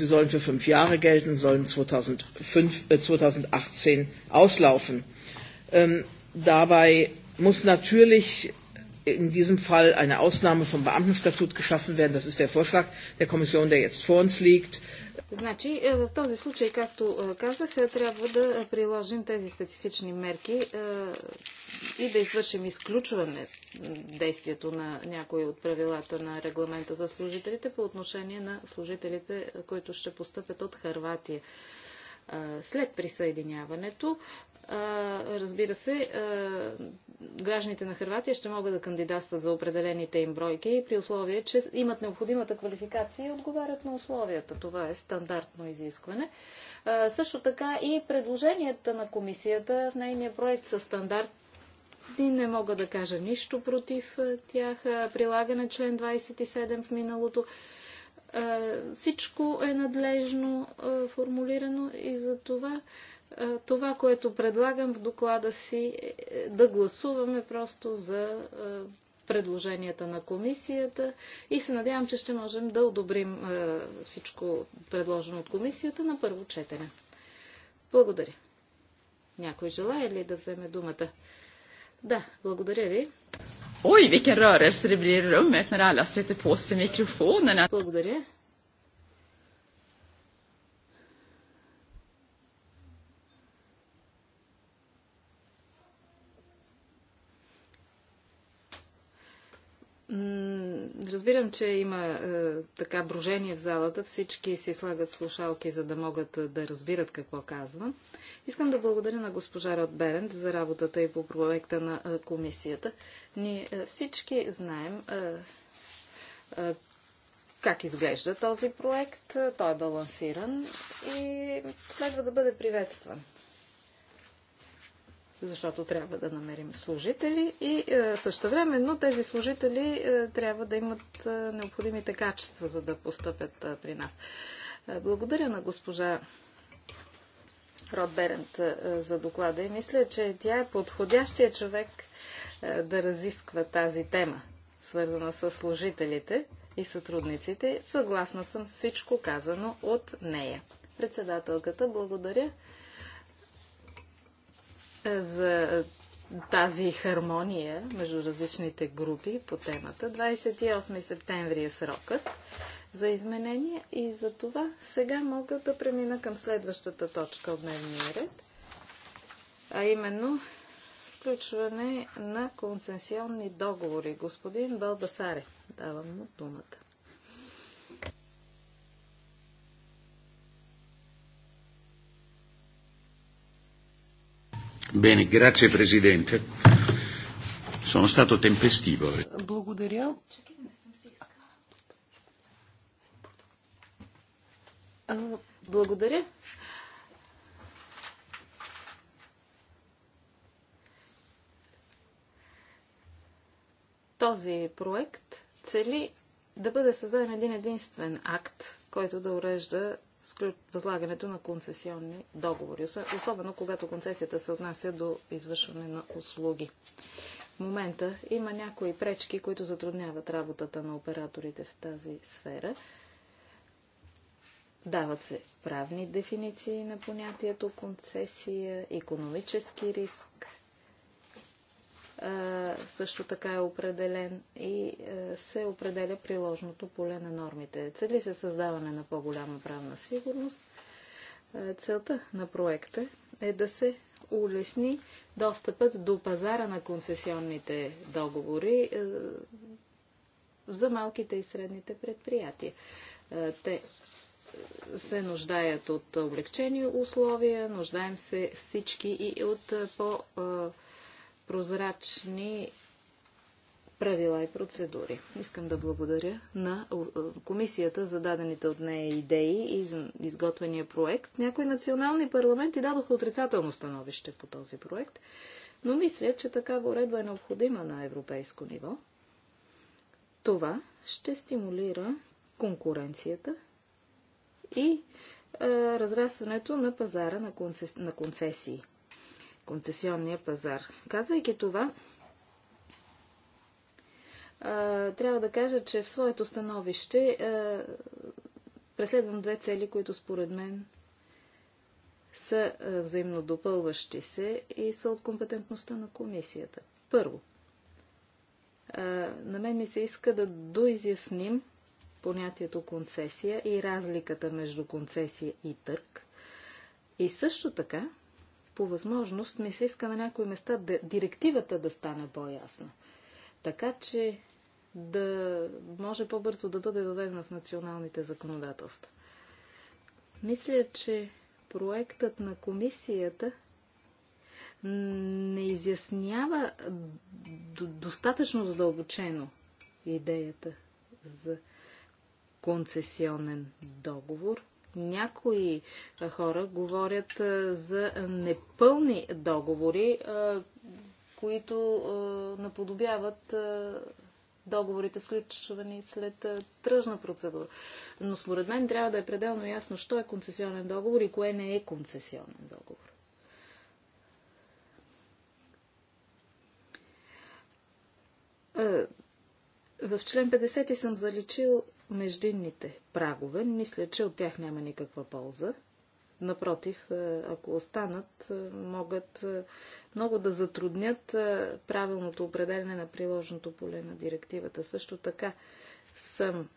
Sie sollen für fünf Jahre gelten, sollen 2005, äh, 2018 auslaufen. Ähm, Dabei muss natürlich in diesem Fall eine Ausnahme vom Beamtenstatut geschaffen werden. Das ist der Vorschlag der Kommission, der jetzt vor uns liegt. Значи, е, в този случай, както е, казах, е, трябва да приложим тези специфични мерки и да извършим изключване действието на някои от правилата на регламента за служителите по отношение на служителите, които ще постъпят от Харватия след присъединяването. Разбира се, гражданите на Хрватия ще могат да кандидатстват за определените им бройки при условие, че имат необходимата квалификация и отговарят на условията. Това е стандартно изискване. Също така и предложенията на комисията в нейния проект са стандарт и не мога да кажа нищо против тях. Прилагане член 27 в миналото. Е, всичко е надлежно е, формулирано и за това е, това, което предлагам в доклада си, е да гласуваме просто за предложенията на комисията и се надявам, че ще можем да одобрим всичко предложено от комисията на първо четене. Благодаря. Някой желая ли да вземе думата? Да, благодаря ви. Oj, vilken rörelse det blir i rummet när alla sätter på sig mikrofonerna. Благодаря. Разбирам, че има е, така брожение в залата. Всички си слагат слушалки, за да могат е, да разбират какво казвам. Искам да благодаря на госпожа Род за работата и по проекта на комисията. Ние всички знаем как изглежда този проект. Той е балансиран и следва да бъде приветстван. Защото трябва да намерим служители и е, същевременно тези служители трябва да имат необходимите качества, за да постъпят при нас. Благодаря на госпожа Род Берент за доклада и мисля, че тя е подходящия човек да разисква тази тема, свързана с служителите и сътрудниците. Съгласна съм с всичко казано от нея. Председателката, благодаря за тази хармония между различните групи по темата. 28 септември е срокът за изменения и за това сега мога да премина към следващата точка от дневния ред, а именно сключване на консенсионни договори. Господин Балбасаре, давам му думата. Bene, grazie Presidente. Sono stato tempestivo. Благодаря. Благодаря. Този проект цели да бъде създаден един единствен акт, който да урежда възлагането на концесионни договори, особено когато концесията се отнася до извършване на услуги. В момента има някои пречки, които затрудняват работата на операторите в тази сфера. Дават се правни дефиниции на понятието концесия, економически риск, също така е определен и се определя приложното поле на нормите. Цели се създаване на по-голяма правна сигурност. Целта на проекта е да се улесни достъпът до пазара на концесионните договори за малките и средните предприятия. Те се нуждаят от облегчени условия, нуждаем се всички и от по- прозрачни правила и процедури. Искам да благодаря на комисията за дадените от нея идеи и за изготвения проект. Някои национални парламенти дадоха отрицателно становище по този проект, но мисля, че такава уредба е необходима на европейско ниво. Това ще стимулира конкуренцията и е, разрастването на пазара на, концес... на концесии концесионния пазар. Казвайки това, трябва да кажа, че в своето становище преследвам две цели, които според мен са взаимно допълващи се и са от компетентността на комисията. Първо, на мен ми се иска да доизясним понятието концесия и разликата между концесия и търг. И също така по възможност ми се иска на някои места да, директивата да стане по-ясна. Така че да може по-бързо да бъде въведена в националните законодателства. Мисля, че проектът на комисията не изяснява достатъчно задълбочено идеята за концесионен договор – някои хора говорят за непълни договори, които наподобяват договорите, сключвани след тръжна процедура. Но според мен трябва да е пределно ясно, що е концесионен договор и кое не е концесионен договор. В член 50 съм заличил междинните прагове, мисля, че от тях няма никаква полза. Напротив, е, ако останат, е, могат е, много да затруднят правилното определене на приложното поле на директивата. Също така съм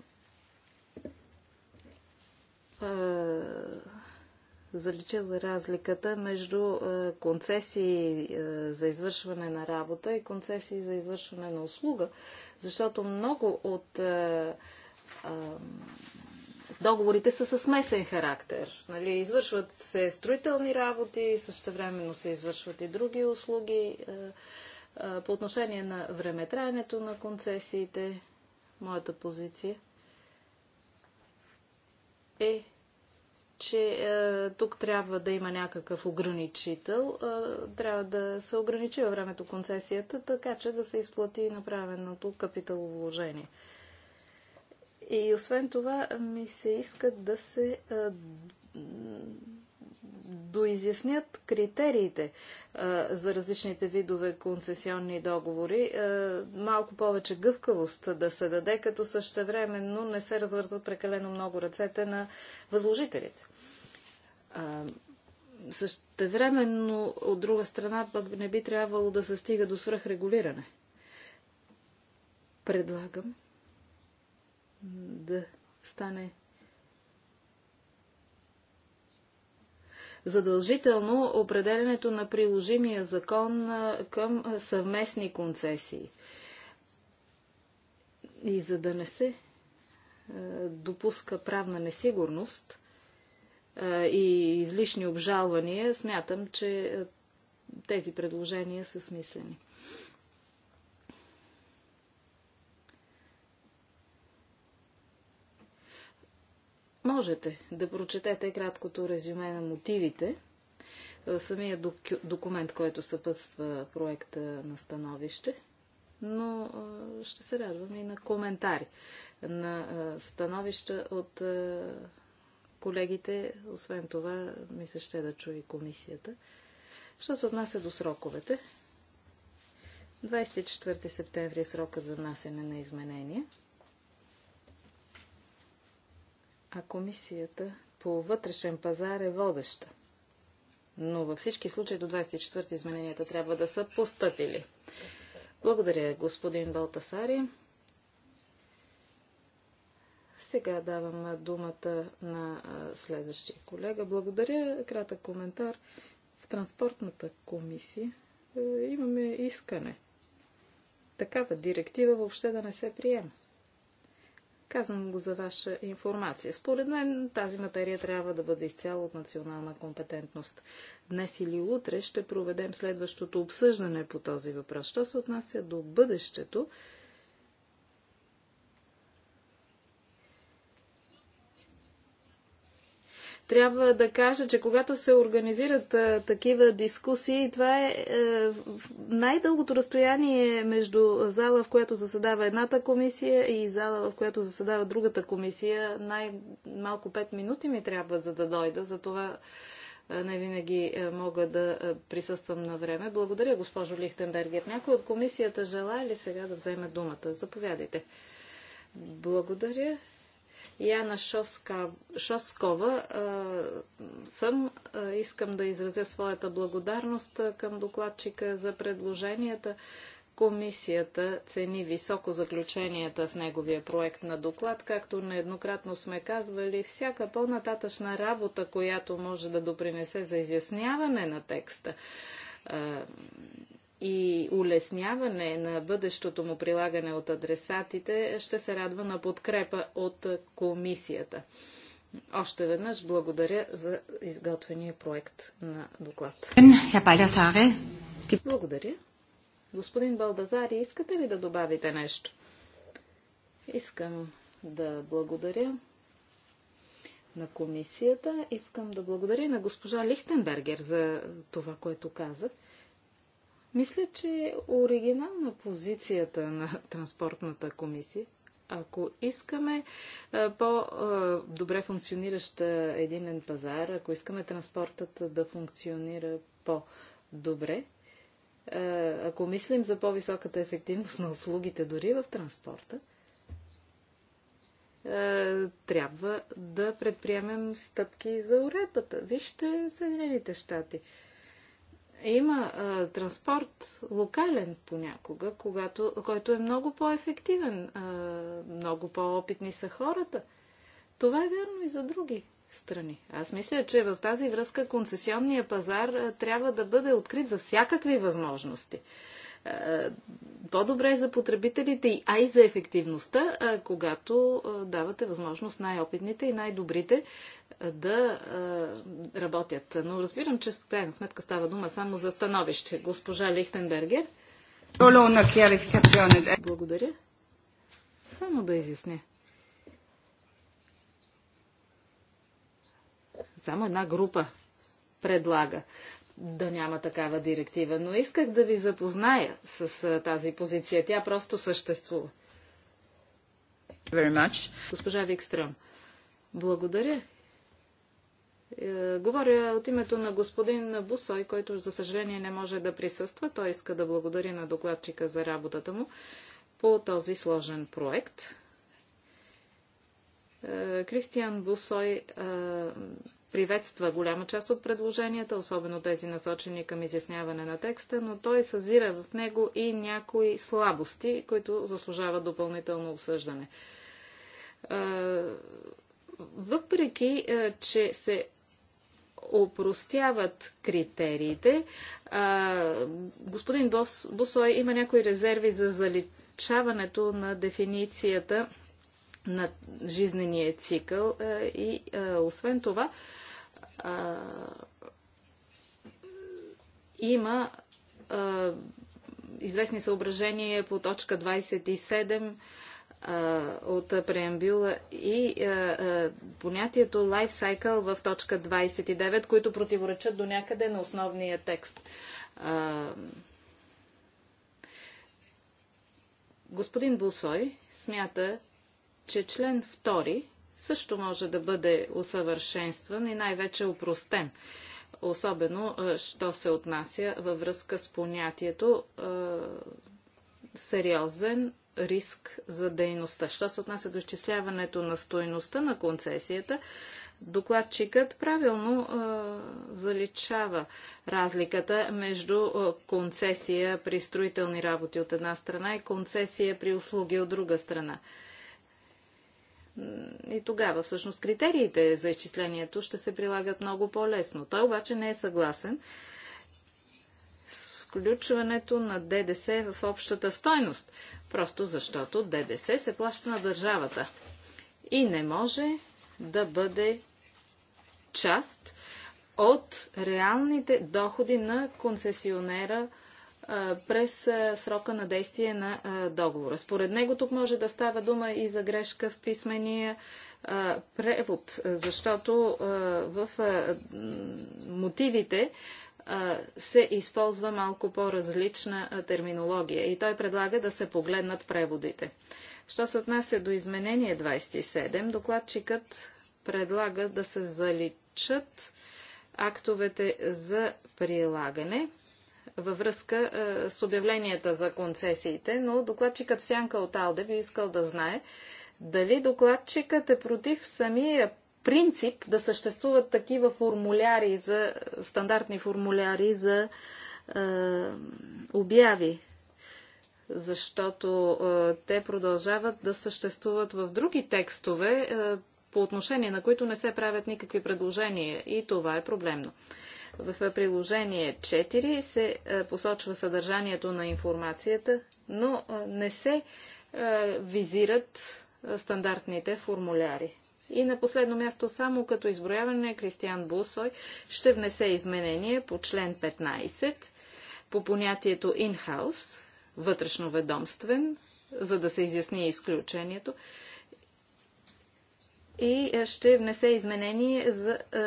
заличил разликата между концесии за извършване на работа и концесии за извършване на услуга, защото много от договорите са със смесен характер. Нали, извършват се строителни работи, същевременно се извършват и други услуги. По отношение на времетраенето на концесиите, моята позиция е, че е, тук трябва да има някакъв ограничител. Е, трябва да се ограничи във времето концесията, така че да се изплати направеното капиталовложение. вложение. И освен това ми се иска да се а, доизяснят критериите а, за различните видове концесионни договори, а, малко повече гъвкавост да се даде, като същевременно не се развързват прекалено много ръцете на възложителите. А, същевременно, от друга страна, пък не би трябвало да се стига до свръхрегулиране. Предлагам да стане задължително определенето на приложимия закон към съвместни концесии. И за да не се допуска правна несигурност и излишни обжалвания, смятам, че тези предложения са смислени. Можете да прочетете краткото резюме на мотивите самия документ, който съпътства проекта на становище, но ще се радвам и на коментари на становища от колегите. Освен това, ми се ще да чуи и комисията. Що се отнася до сроковете? 24 септември е срока за внасяне на изменения. а комисията по вътрешен пазар е водеща. Но във всички случаи до 24 измененията трябва да са постъпили. Благодаря, господин Балтасари. Сега давам думата на следващия колега. Благодаря. Кратък коментар. В транспортната комисия е, имаме искане. Такава директива въобще да не се приема. Казвам го за ваша информация. Според мен тази материя трябва да бъде изцяло от национална компетентност. Днес или утре ще проведем следващото обсъждане по този въпрос. Що се отнася до бъдещето, трябва да кажа, че когато се организират а, такива дискусии, това е, е най-дългото разстояние между зала, в която заседава едната комисия и зала, в която заседава другата комисия. Най-малко 5 минути ми трябва, за да дойда. Затова не винаги мога да присъствам на време. Благодаря, госпожо Лихтенбергер. Някой от комисията желая ли сега да вземе думата? Заповядайте. Благодаря. Яна Шоска, Шоскова съм. Искам да изразя своята благодарност към докладчика за предложенията. Комисията цени високо заключенията в неговия проект на доклад, както нееднократно сме казвали, всяка по-нататъчна работа, която може да допринесе за изясняване на текста и улесняване на бъдещото му прилагане от адресатите, ще се радва на подкрепа от комисията. Още веднъж благодаря за изготвения проект на доклад. Благодаря. Господин Балдазари, искате ли да добавите нещо? Искам да благодаря на комисията. Искам да благодаря на госпожа Лихтенбергер за това, което казах. Мисля, че оригинална позицията на Транспортната комисия. Ако искаме по-добре функционираща единен пазар, ако искаме транспортът да функционира по-добре, ако мислим за по-високата ефективност на услугите дори в транспорта, трябва да предприемем стъпки за уредбата. Вижте Съединените щати – има а, транспорт локален понякога, когато, който е много по-ефективен, много по-опитни са хората. Това е вярно и за други страни. Аз мисля, че в тази връзка концесионния пазар а, трябва да бъде открит за всякакви възможности. Е, по-добре за потребителите, а и за ефективността, е, когато е, давате възможност най-опитните и най-добрите да работят. Но разбирам, че в крайна сметка става дума само за становище. Госпожа Лихтенбергер. Благодаря. Само да изясня. Само една група предлага да няма такава директива, но исках да ви запозная с тази позиция. Тя просто съществува. Госпожа Викстрем, благодаря. Е, говоря от името на господин Бусой, който за съжаление не може да присъства. Той иска да благодари на докладчика за работата му по този сложен проект. Е, Кристиан Бусой е, приветства голяма част от предложенията, особено тези насочени към изясняване на текста, но той съзира в него и някои слабости, които заслужават допълнително обсъждане. Въпреки, че се опростяват критериите, господин Босой има някои резерви за заличаването на дефиницията на жизнения цикъл и освен това а, има а, известни съображения по точка 27 от преамбюла и а, а, понятието life cycle в точка 29, които противоречат до някъде на основния текст. А, господин Булсой смята, че член 2 също може да бъде усъвършенстван и най-вече упростен. Особено, що се отнася във връзка с понятието сериозен риск за дейността. Що се отнася до изчисляването на стоеността на концесията, докладчикът правилно а, заличава разликата между концесия при строителни работи от една страна и концесия при услуги от друга страна. И тогава всъщност критериите за изчислението ще се прилагат много по-лесно. Той обаче не е съгласен с включването на ДДС в общата стойност, просто защото ДДС се плаща на държавата и не може да бъде част от реалните доходи на концесионера – през срока на действие на договора. Според него тук може да става дума и за грешка в писмения превод, защото в мотивите се използва малко по-различна терминология и той предлага да се погледнат преводите. Що се отнася до изменение 27, докладчикът предлага да се заличат актовете за прилагане – във връзка е, с обявленията за концесиите, но докладчикът Сянка от Алде би искал да знае дали докладчикът е против самия принцип да съществуват такива формуляри за стандартни формуляри за е, обяви, защото е, те продължават да съществуват в други текстове, е, по отношение на които не се правят никакви предложения и това е проблемно. В приложение 4 се е, посочва съдържанието на информацията, но е, не се е, визират стандартните формуляри. И на последно място, само като изброяване, Кристиан Бусой ще внесе изменение по член 15 по понятието in-house, вътрешноведомствен, за да се изясни изключението и е, ще внесе изменение за е,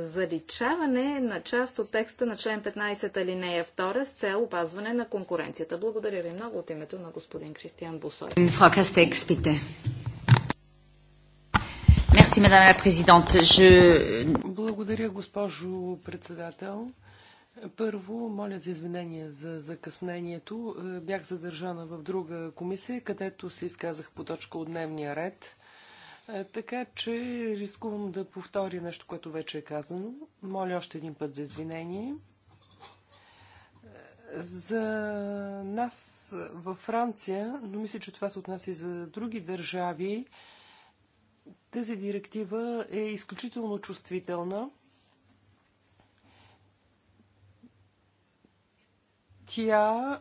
заличаване на част от текста на член 15 алинея 2 с цел опазване на конкуренцията. Благодаря ви много от името на господин Кристиан Бусой. Благодаря, госпожо председател. Първо, моля за извинение за закъснението. Е, бях задържана в друга комисия, където се изказах по точка от дневния ред. Е, така че рискувам да повторя нещо, което вече е казано. Моля още един път за извинение. Е, за нас във Франция, но мисля, че това се отнася и за други държави, тази директива е изключително чувствителна. Тя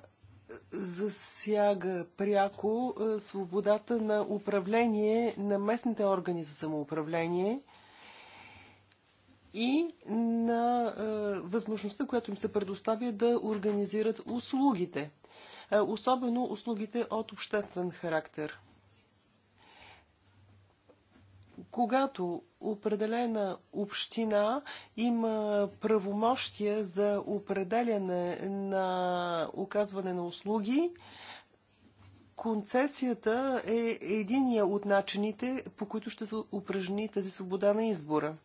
засяга пряко е, свободата на управление на местните органи за самоуправление и на е, възможността, която им се предоставя да организират услугите, е, особено услугите от обществен характер. когато определена община има правомощия за определяне на оказване на услуги, концесията е единия от начините, по които ще се упражни тази свобода на избора.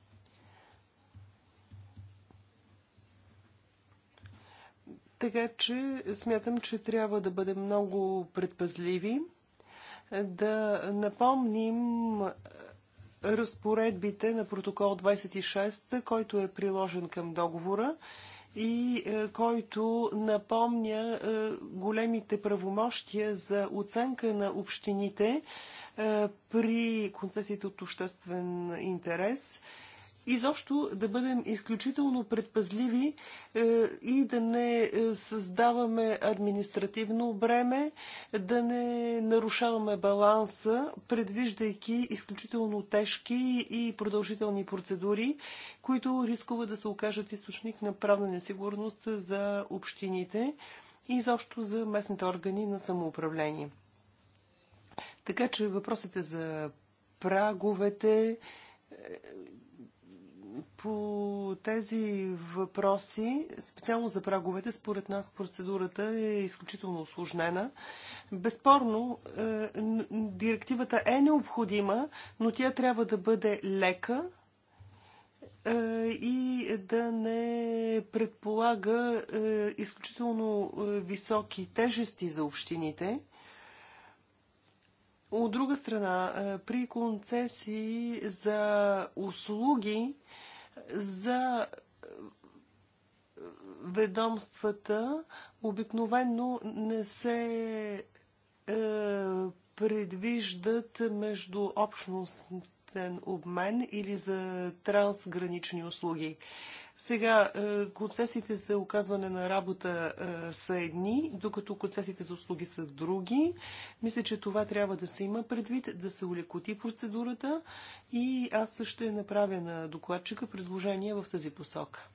Така че смятам, че трябва да бъдем много предпазливи, да напомним разпоредбите на протокол 26, който е приложен към договора и е, който напомня е, големите правомощия за оценка на общините е, при концесиите от обществен интерес – изобщо да бъдем изключително предпазливи е, и да не е, създаваме административно бреме, да не нарушаваме баланса, предвиждайки изключително тежки и продължителни процедури, които рискуват да се окажат източник на правна несигурност за общините и изобщо за местните органи на самоуправление. Така че въпросите за праговете по тези въпроси, специално за праговете, според нас процедурата е изключително осложнена. Безспорно, е, директивата е необходима, но тя трябва да бъде лека е, и да не предполага е, изключително високи тежести за общините. От друга страна, при концесии за услуги за е, ведомствата обикновено не се е, предвиждат между общностен обмен или за трансгранични услуги. Сега, е, концесиите за оказване на работа е, са едни, докато концесиите за услуги са други. Мисля, че това трябва да се има предвид, да се улекоти процедурата и аз ще направя на докладчика предложение в тази посока.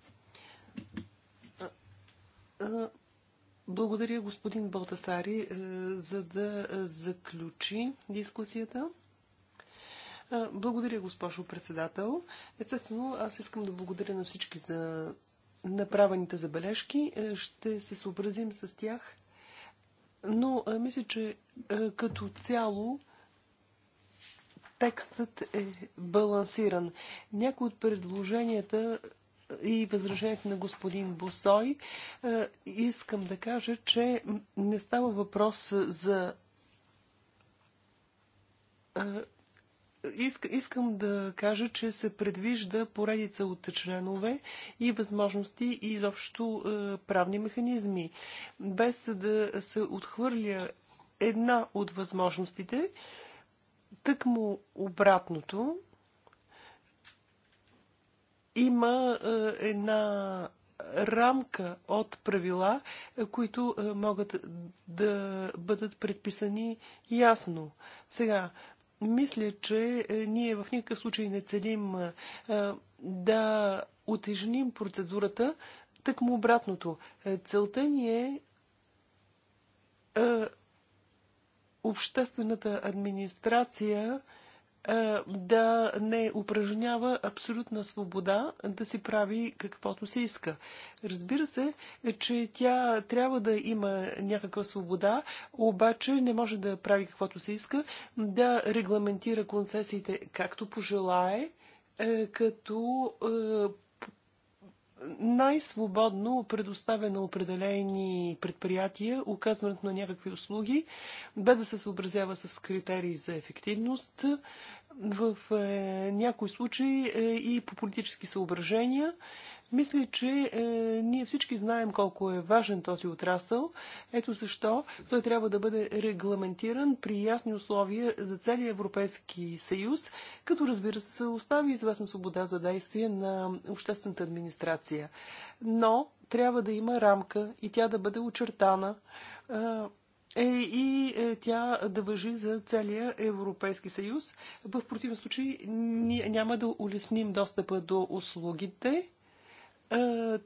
Благодаря господин Балтасари, е, за да заключи дискусията. Благодаря, госпожо председател. Естествено, аз искам да благодаря на всички за направените забележки. Е, ще се съобразим с тях. Но е, мисля, че е, като цяло текстът е балансиран. Някои от предложенията и възражението на господин Босой, искам да кажа, че не става въпрос за искам да кажа, че се предвижда поредица от членове и възможности и изобщо е, правни механизми, без да се отхвърля една от възможностите, тъкмо обратното, има е, една рамка от правила, е, които могат да бъдат предписани ясно. Сега, мисля, че е, ние в никакъв случай не целим е, е, да отежним процедурата, так му обратното. Целта ни е обществената администрация е, да не упражнява абсолютна свобода да си прави каквото се иска. Разбира се, че тя трябва да има някаква свобода, обаче не може да прави каквото се иска, да регламентира концесиите както пожелае, е, като е, най-свободно предоставя на определени предприятия оказването на някакви услуги, без да се съобразява с критерии за ефективност, в е, някои случаи е, и по политически съображения. Мисля, че е, ние всички знаем колко е важен този отрасъл. Ето защо той трябва да бъде регламентиран при ясни условия за целия Европейски съюз, като разбира се остави известна свобода за действие на обществената администрация. Но трябва да има рамка и тя да бъде очертана. Е, е, и е, тя да въжи за целия Европейски съюз. В противен случай ние няма да улесним достъпа до услугите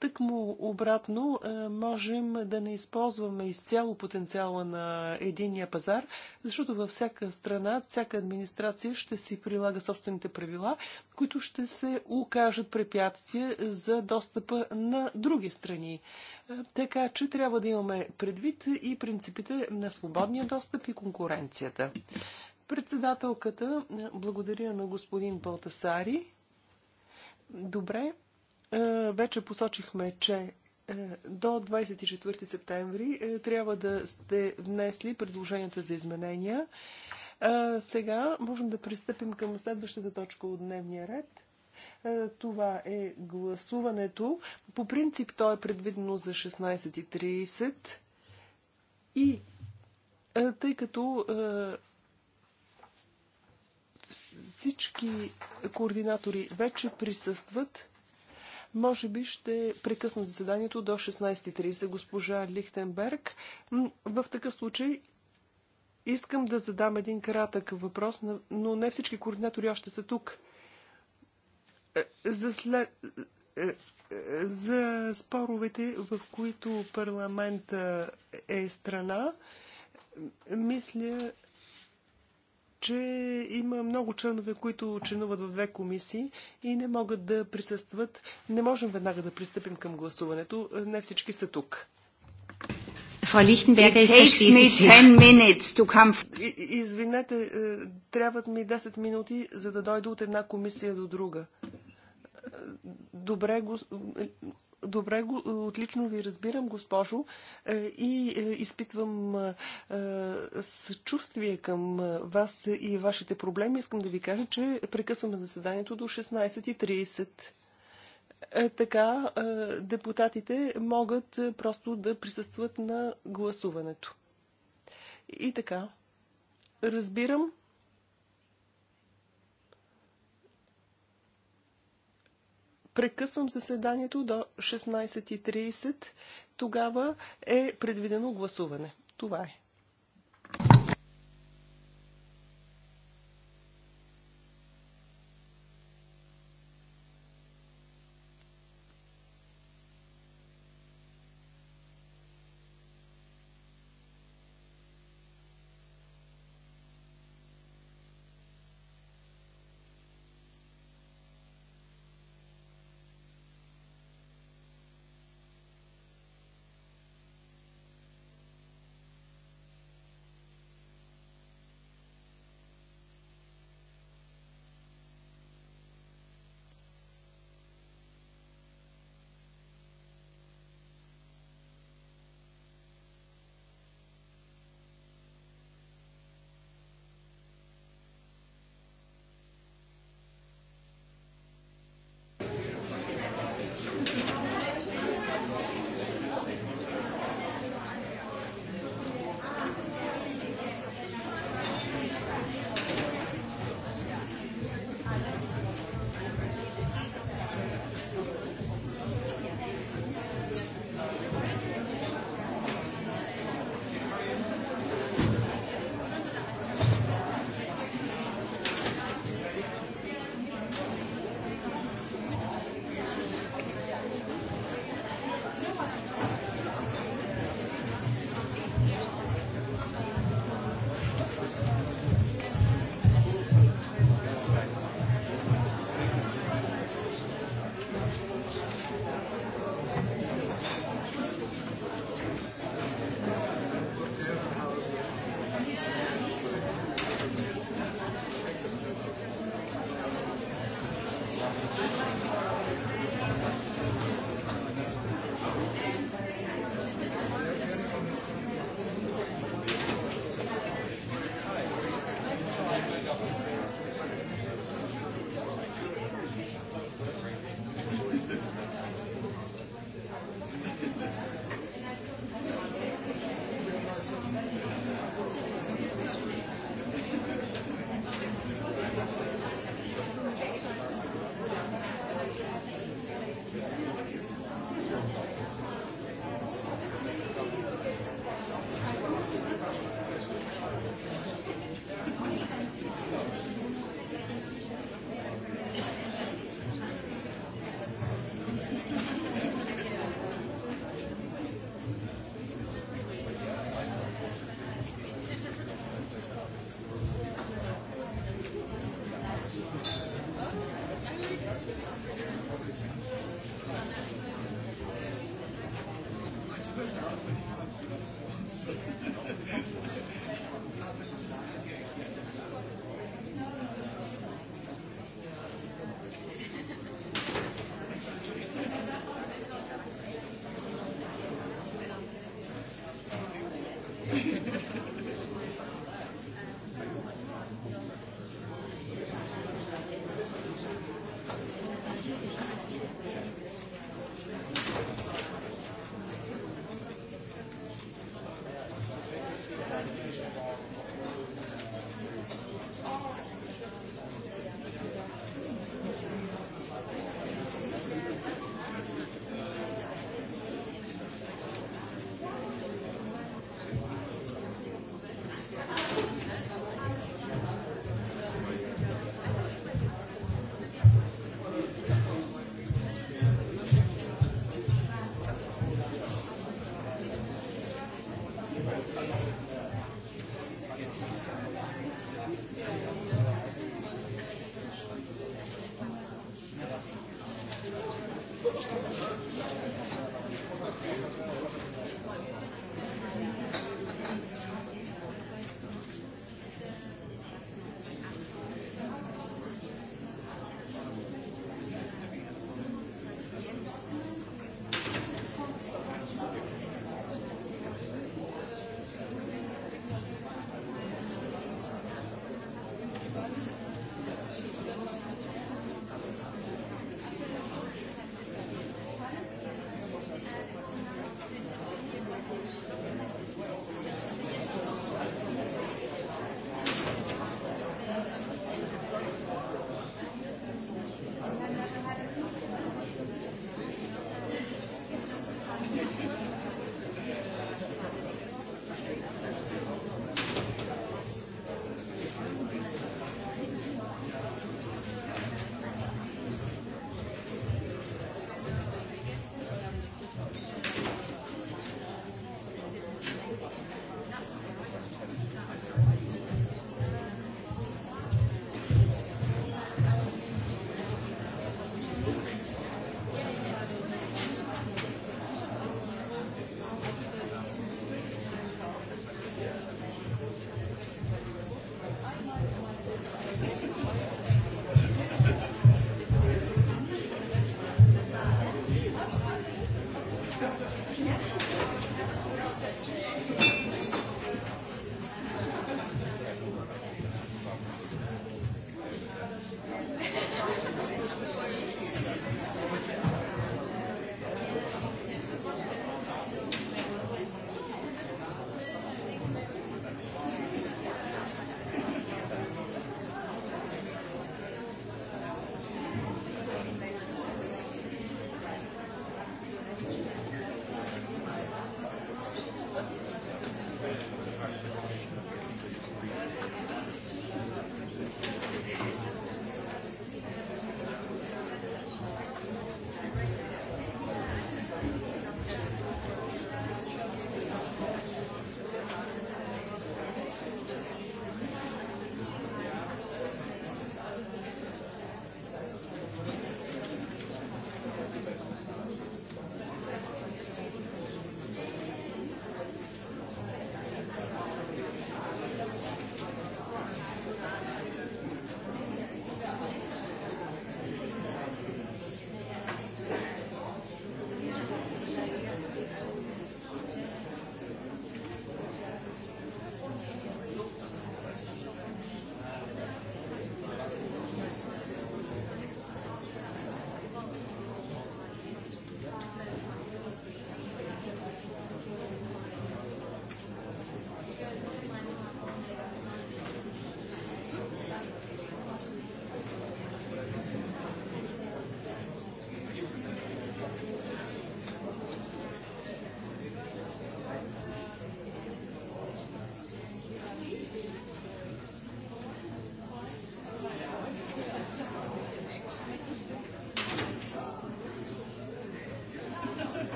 Тъкмо му обратно, можем да не използваме изцяло потенциала на единия пазар, защото във всяка страна, всяка администрация ще си прилага собствените правила, които ще се окажат препятствия за достъпа на други страни. Така че трябва да имаме предвид и принципите на свободния достъп и конкуренцията. Председателката, благодаря на господин Балтасари. Добре, е, вече посочихме, че е, до 24 септември е, трябва да сте внесли предложенията за изменения. Сега можем да пристъпим към следващата точка от дневния ред – това е гласуването. По принцип то е предвидено за 16.30 и тъй като всички координатори вече присъстват, може би ще прекъсна заседанието до 16.30 госпожа Лихтенберг. В такъв случай искам да задам един кратък въпрос, но не всички координатори още са тук. Е, за след е, е, за споровете, в които парламента е страна. Мисля, че има много членове, които членуват в две комисии и не могат да присъстват. Не можем веднага да пристъпим към гласуването. Не всички са тук. Frau Lichtenberger, ich verstehe Извинете, е, трябват ми 10 минути, за да дойда от една комисия до друга. Е, добре, Добре, отлично ви разбирам, госпожо, е, и е, изпитвам е, съчувствие към вас и вашите проблеми. Искам да ви кажа, че прекъсваме заседанието до 16.30. Така депутатите могат просто да присъстват на гласуването. И така, разбирам, Прекъсвам заседанието до 16.30. Тогава е предвидено гласуване. Това е.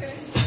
Okay.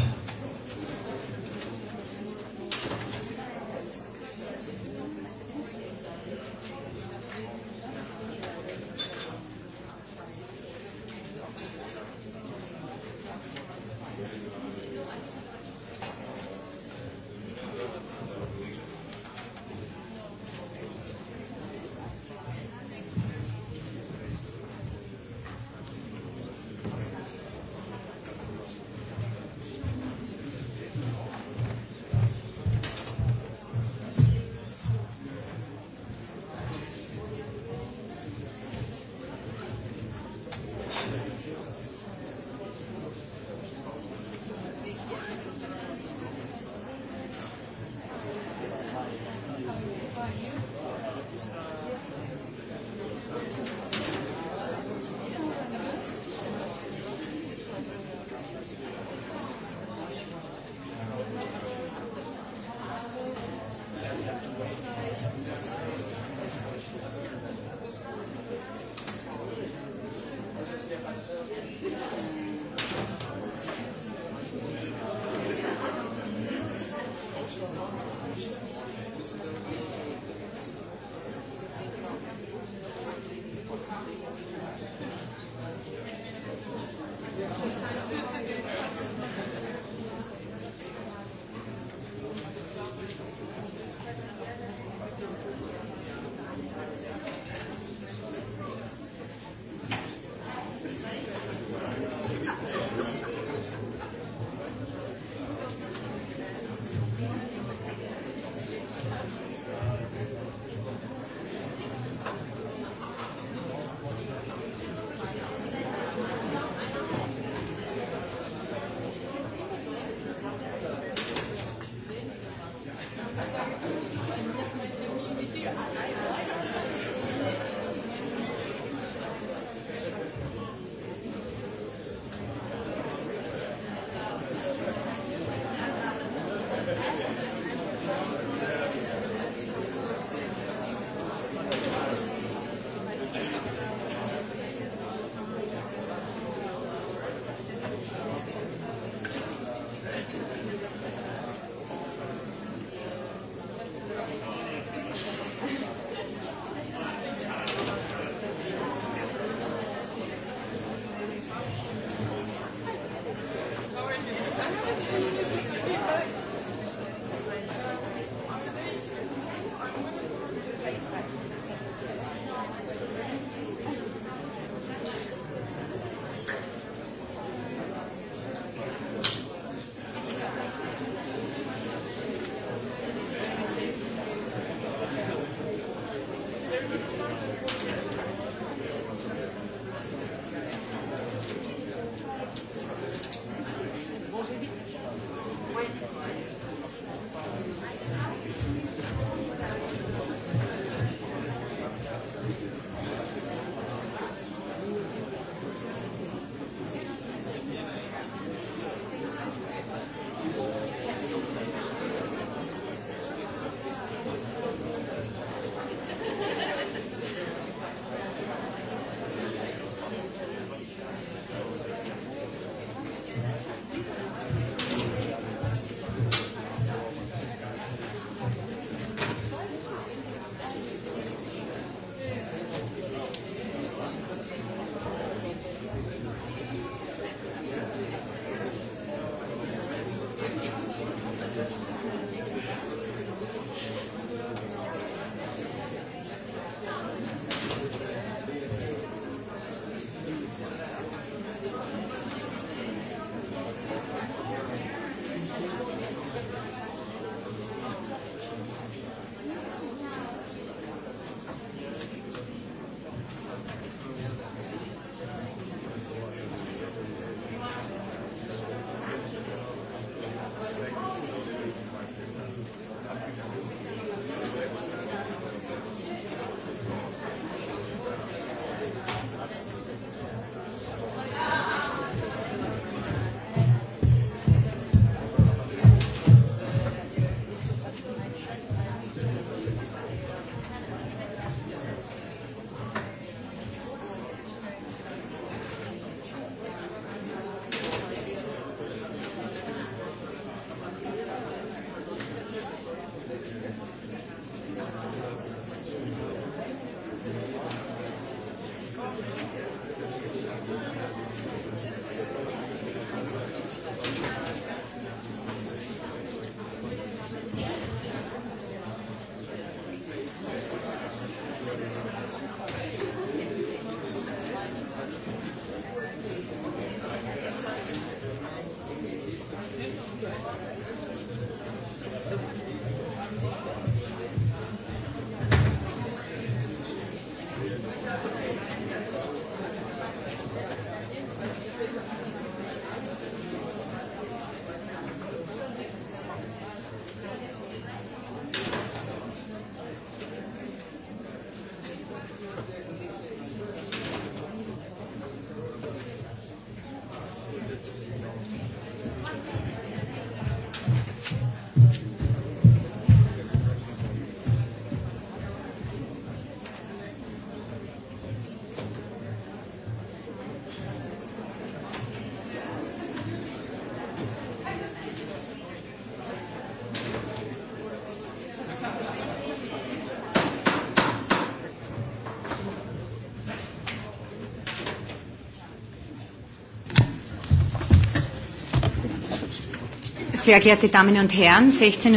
Sehr geehrte Damen und Herren, 16.30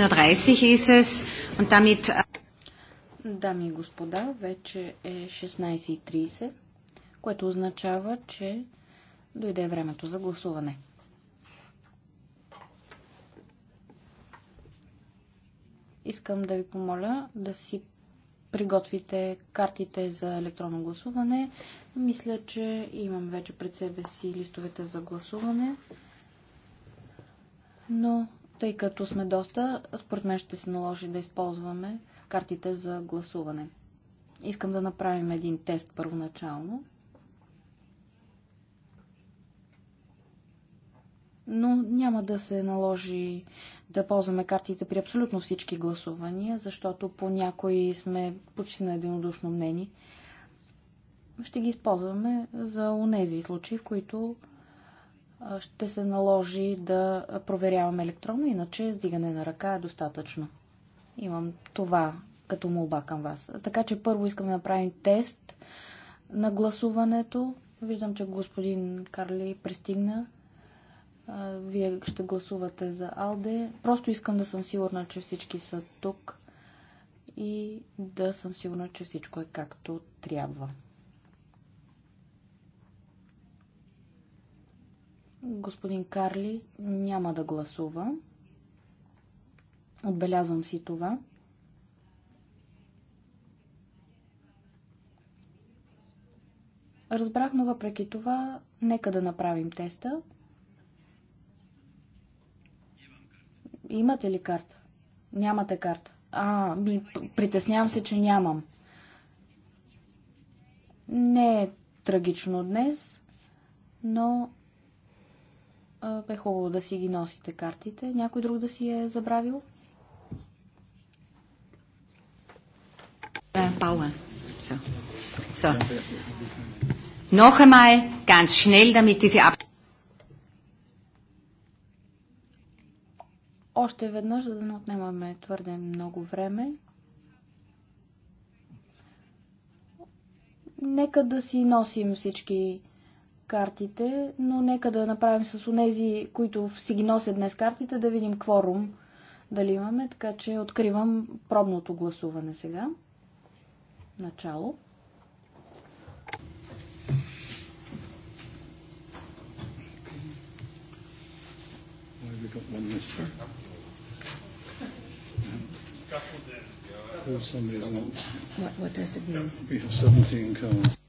Uhr ist es und damit... Äh, Дами и господа, вече е 16.30, което означава, че дойде времето за гласуване. Искам да ви помоля да си приготвите картите за електронно гласуване. Мисля, че имам вече пред себе си листовете за гласуване но тъй като сме доста, според мен ще се наложи да използваме картите за гласуване. Искам да направим един тест първоначално. Но няма да се наложи да ползваме картите при абсолютно всички гласувания, защото по някои сме почти на единодушно мнение. Ще ги използваме за онези случаи, в които ще се наложи да проверяваме електронно, иначе издигане на ръка е достатъчно. Имам това като молба към вас. Така че първо искам да направим тест на гласуването. Виждам, че господин Карли пристигна. Вие ще гласувате за Алде. Просто искам да съм сигурна, че всички са тук и да съм сигурна, че всичко е както трябва. Господин Карли няма да гласува. Отбелязвам си това. Разбрах, но въпреки това, нека да направим теста. Имате ли карта? Нямате карта. А, ми, притеснявам се, че нямам. Не е трагично днес, но е хубаво да си ги носите картите. Някой друг да си е забравил? Пауа. So. So. Noch einmal ganz schnell, ти си Още веднъж, за да не отнемаме твърде много време. Нека да си носим всички картите, но нека да направим с онези, които си ги носят днес картите, да видим кворум дали имаме, така че откривам пробното гласуване сега. Начало. What, what does it mean? We have 17 cards.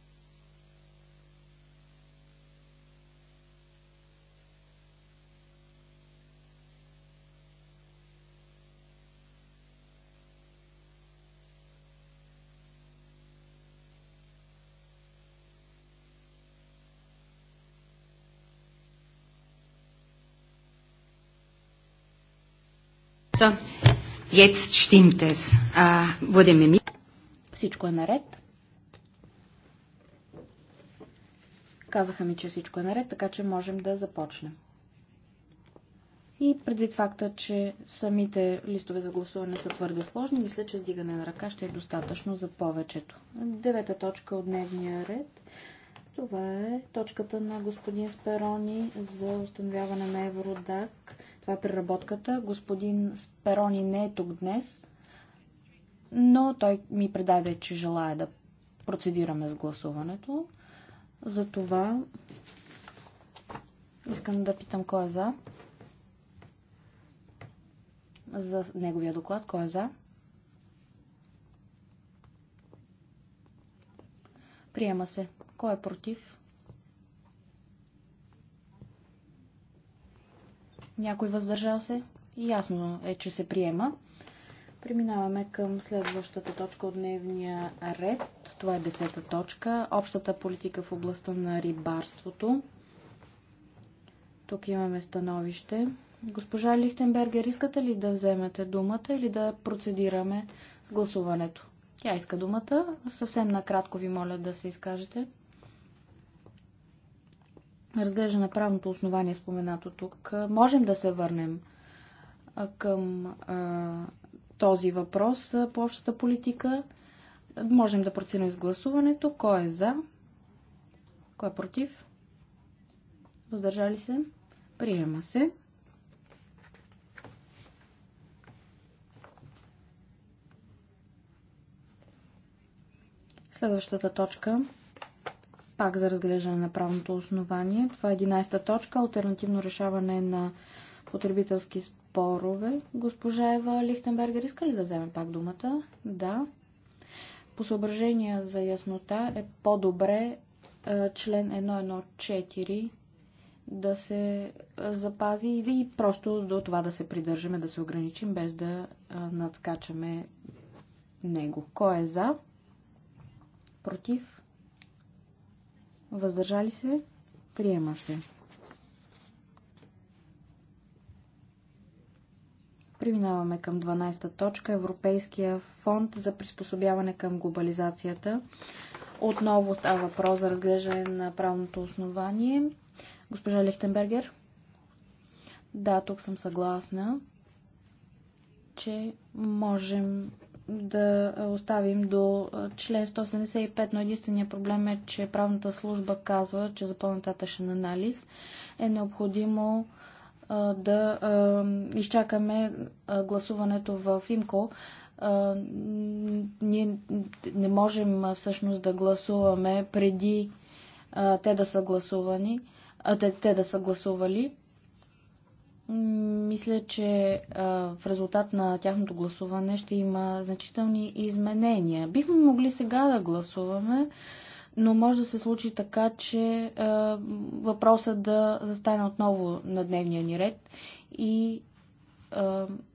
So, jetzt stimmt es. Uh, wurde mir mit... Всичко е наред. Казаха ми, че всичко е наред, така че можем да започнем. И предвид факта, че самите листове за гласуване са твърде сложни, мисля, че сдигане на ръка ще е достатъчно за повечето. Девета точка от дневния ред. Това е точката на господин Сперони за установяване на Евродак това е преработката. Господин Сперони не е тук днес, но той ми предаде, че желая да процедираме с гласуването. Затова искам да питам кой е за. За неговия доклад, кой е за? Приема се. Кой е против? някой въздържал се. Ясно е, че се приема. Преминаваме към следващата точка от дневния ред. Това е десета точка. Общата политика в областта на рибарството. Тук имаме становище. Госпожа Лихтенбергер, искате ли да вземете думата или да процедираме с гласуването? Тя иска думата. Съвсем накратко ви моля да се изкажете разглежда на правното основание, споменато тук, можем да се върнем към този въпрос по общата политика. Можем да проценим с гласуването. Кой е за? Кой е против? Въздържали се? Приема се. Следващата точка пак за разглеждане на правното основание. Това е 11-та точка. Альтернативно решаване на потребителски спорове. Госпожа Ева Лихтенбергер иска ли да вземе пак думата? Да. По съображения за яснота е по-добре член 114 да се запази или просто до това да се придържаме, да се ограничим, без да надскачаме него. Кой е за? Против? въздържали се, приема се. Преминаваме към 12-та точка Европейския фонд за приспособяване към глобализацията. Отново става въпрос за разглеждане на правното основание. Госпожа Лихтенбергер? Да, тук съм съгласна, че можем да оставим до член 175, но единствения проблем е, че правната служба казва, че за по-нататъчен анализ е необходимо да изчакаме гласуването в ИМКО. Ние не можем всъщност да гласуваме преди те да са гласувани, те, те да са гласували. Мисля, че в резултат на тяхното гласуване ще има значителни изменения. Бихме могли сега да гласуваме, но може да се случи така, че въпросът да застане отново на дневния ни ред и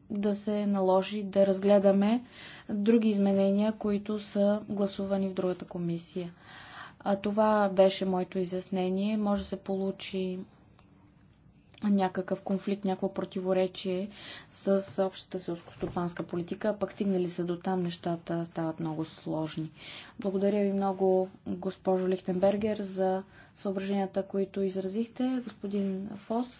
да се наложи да разгледаме други изменения, които са гласувани в другата комисия. А това беше моето изяснение. Може да се получи някакъв конфликт, някакво противоречие с общата селскостопанска политика, пък стигнали са до там, нещата стават много сложни. Благодаря ви много, госпожо Лихтенбергер, за съображенията, които изразихте. Господин Фос,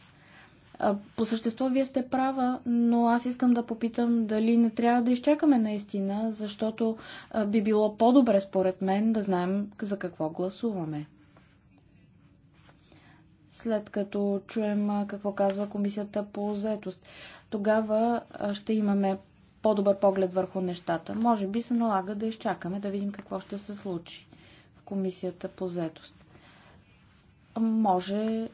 по същество вие сте права, но аз искам да попитам дали не трябва да изчакаме наистина, защото би било по-добре според мен да знаем за какво гласуваме след като чуем какво казва комисията по заетост. Тогава ще имаме по-добър поглед върху нещата. Може би се налага да изчакаме, да видим какво ще се случи в комисията по заетост. Може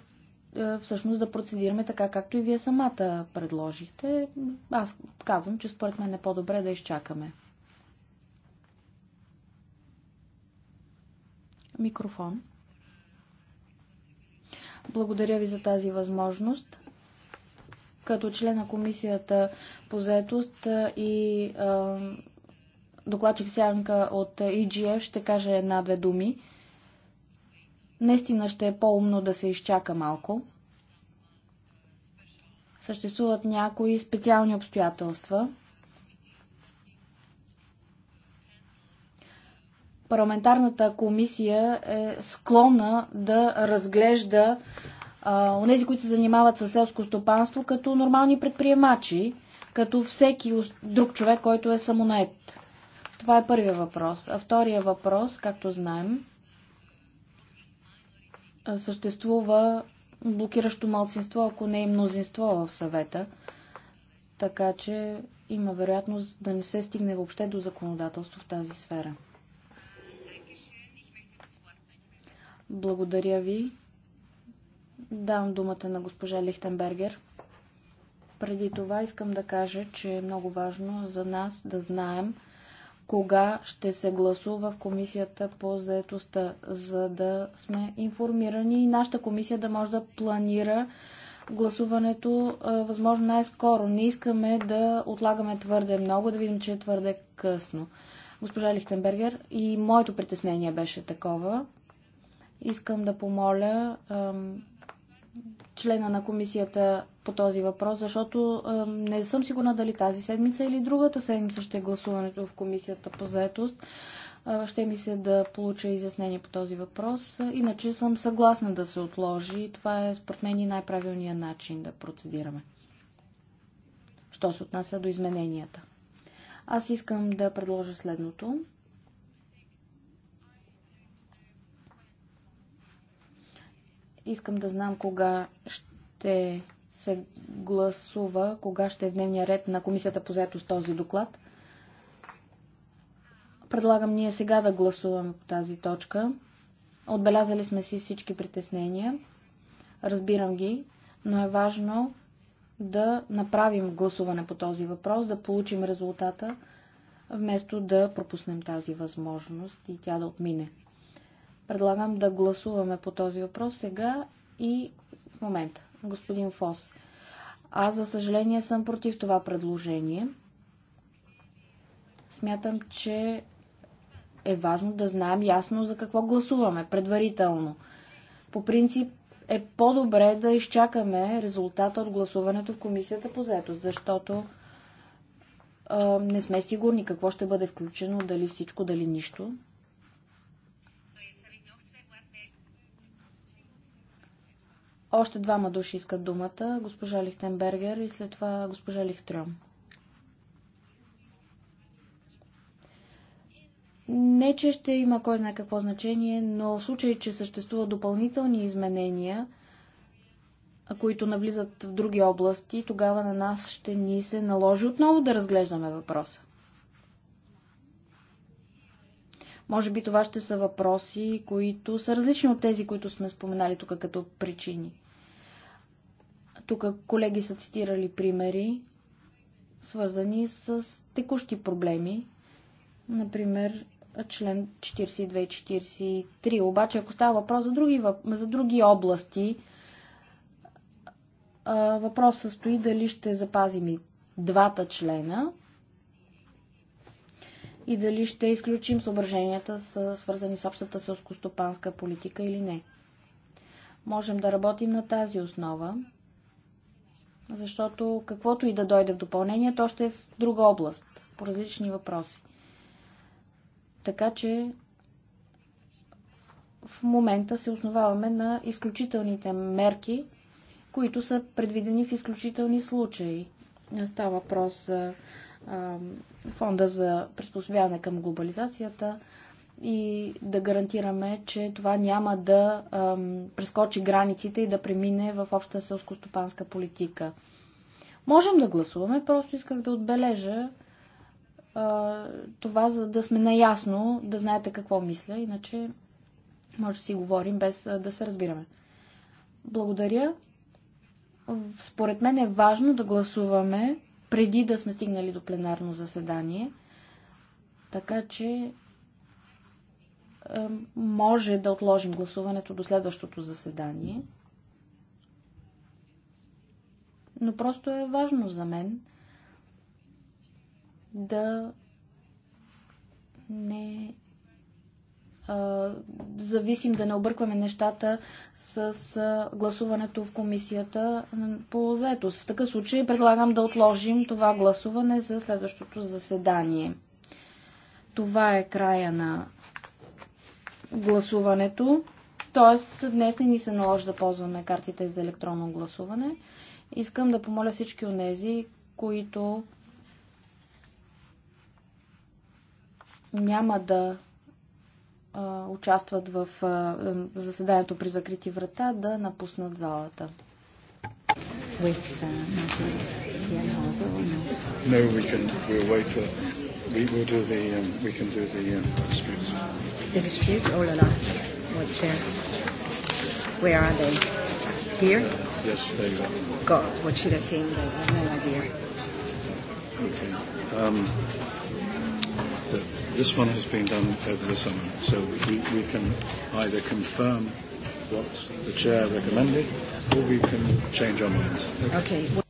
всъщност да процедираме така, както и вие самата предложихте. Аз казвам, че според мен е по-добре да изчакаме. Микрофон. Благодаря ви за тази възможност. Като член на комисията по заетост и докладчик сянка от EGF ще кажа една-две думи. Наистина ще е по-умно да се изчака малко. Съществуват някои специални обстоятелства – парламентарната комисия е склонна да разглежда онези, които се занимават с селско стопанство, като нормални предприемачи, като всеки друг човек, който е самонает. Това е първия въпрос. А втория въпрос, както знаем, съществува блокиращо малцинство, ако не и мнозинство в съвета. Така че има вероятност да не се стигне въобще до законодателство в тази сфера. Благодаря ви. Давам думата на госпожа Лихтенбергер. Преди това искам да кажа, че е много важно за нас да знаем кога ще се гласува в комисията по заетостта, за да сме информирани и нашата комисия да може да планира гласуването е, възможно най-скоро. Не искаме да отлагаме твърде много, да видим, че е твърде късно. Госпожа Лихтенбергер, и моето притеснение беше такова. Искам да помоля члена на комисията по този въпрос, защото не съм сигурна дали тази седмица или другата седмица ще е гласуването в комисията по заетост. Ще ми се да получа изяснение по този въпрос. Иначе съм съгласна да се отложи. Това е според мен и най-правилният начин да процедираме. Що се отнася до измененията? Аз искам да предложа следното. Искам да знам кога ще се гласува, кога ще е в дневния ред на Комисията по заето с този доклад. Предлагам ние сега да гласуваме по тази точка. Отбелязали сме си всички притеснения. Разбирам ги, но е важно да направим гласуване по този въпрос, да получим резултата, вместо да пропуснем тази възможност и тя да отмине. Предлагам да гласуваме по този въпрос сега и в момента. Господин Фос. Аз, за съжаление, съм против това предложение. Смятам, че е важно да знаем ясно за какво гласуваме предварително. По принцип е по-добре да изчакаме резултата от гласуването в комисията по заетост, защото а, не сме сигурни какво ще бъде включено, дали всичко, дали нищо. Още двама души искат думата. Госпожа Лихтенбергер и след това госпожа Лихтрюм. Не, че ще има кой знае какво значение, но в случай, че съществуват допълнителни изменения, които навлизат в други области, тогава на нас ще ни се наложи отново да разглеждаме въпроса. Може би това ще са въпроси, които са различни от тези, които сме споменали тук като причини. Тук колеги са цитирали примери, свързани с текущи проблеми. Например, член 42 и 43. Обаче, ако става въпрос за други, за други области, въпросът стои дали ще запазим и двата члена – и дали ще изключим съображенията, свързани с общата селскостопанска политика или не. Можем да работим на тази основа, защото каквото и да дойде в допълнение, то ще е в друга област, по различни въпроси. Така че в момента се основаваме на изключителните мерки, които са предвидени в изключителни случаи. Става въпрос за фонда за приспособяване към глобализацията и да гарантираме, че това няма да прескочи границите и да премине в обща сълско-стопанска политика. Можем да гласуваме, просто исках да отбележа това, за да сме наясно, да знаете какво мисля, иначе може да си говорим без да се разбираме. Благодаря. Според мен е важно да гласуваме преди да сме стигнали до пленарно заседание. Така че е, може да отложим гласуването до следващото заседание. Но просто е важно за мен да не зависим, да не объркваме нещата с гласуването в комисията по заетост. В такъв случай предлагам да отложим това гласуване за следващото заседание. Това е края на гласуването. Тоест, днес не ни се наложи да ползваме картите за електронно гласуване. Искам да помоля всички от тези, които няма да участват в заседанието при закрити врата, да напуснат залата. With, uh, no, we can. We'll wait for. We will do the. Um, we can do the um, disputes. The disputes? Oh la la! What's there? Where are they? Here? Yes, there you are. God, what should I say? I have no idea. Okay. Um, that this one has been done over the summer, so we, we can either confirm what the chair recommended, or we can change our minds. Okay.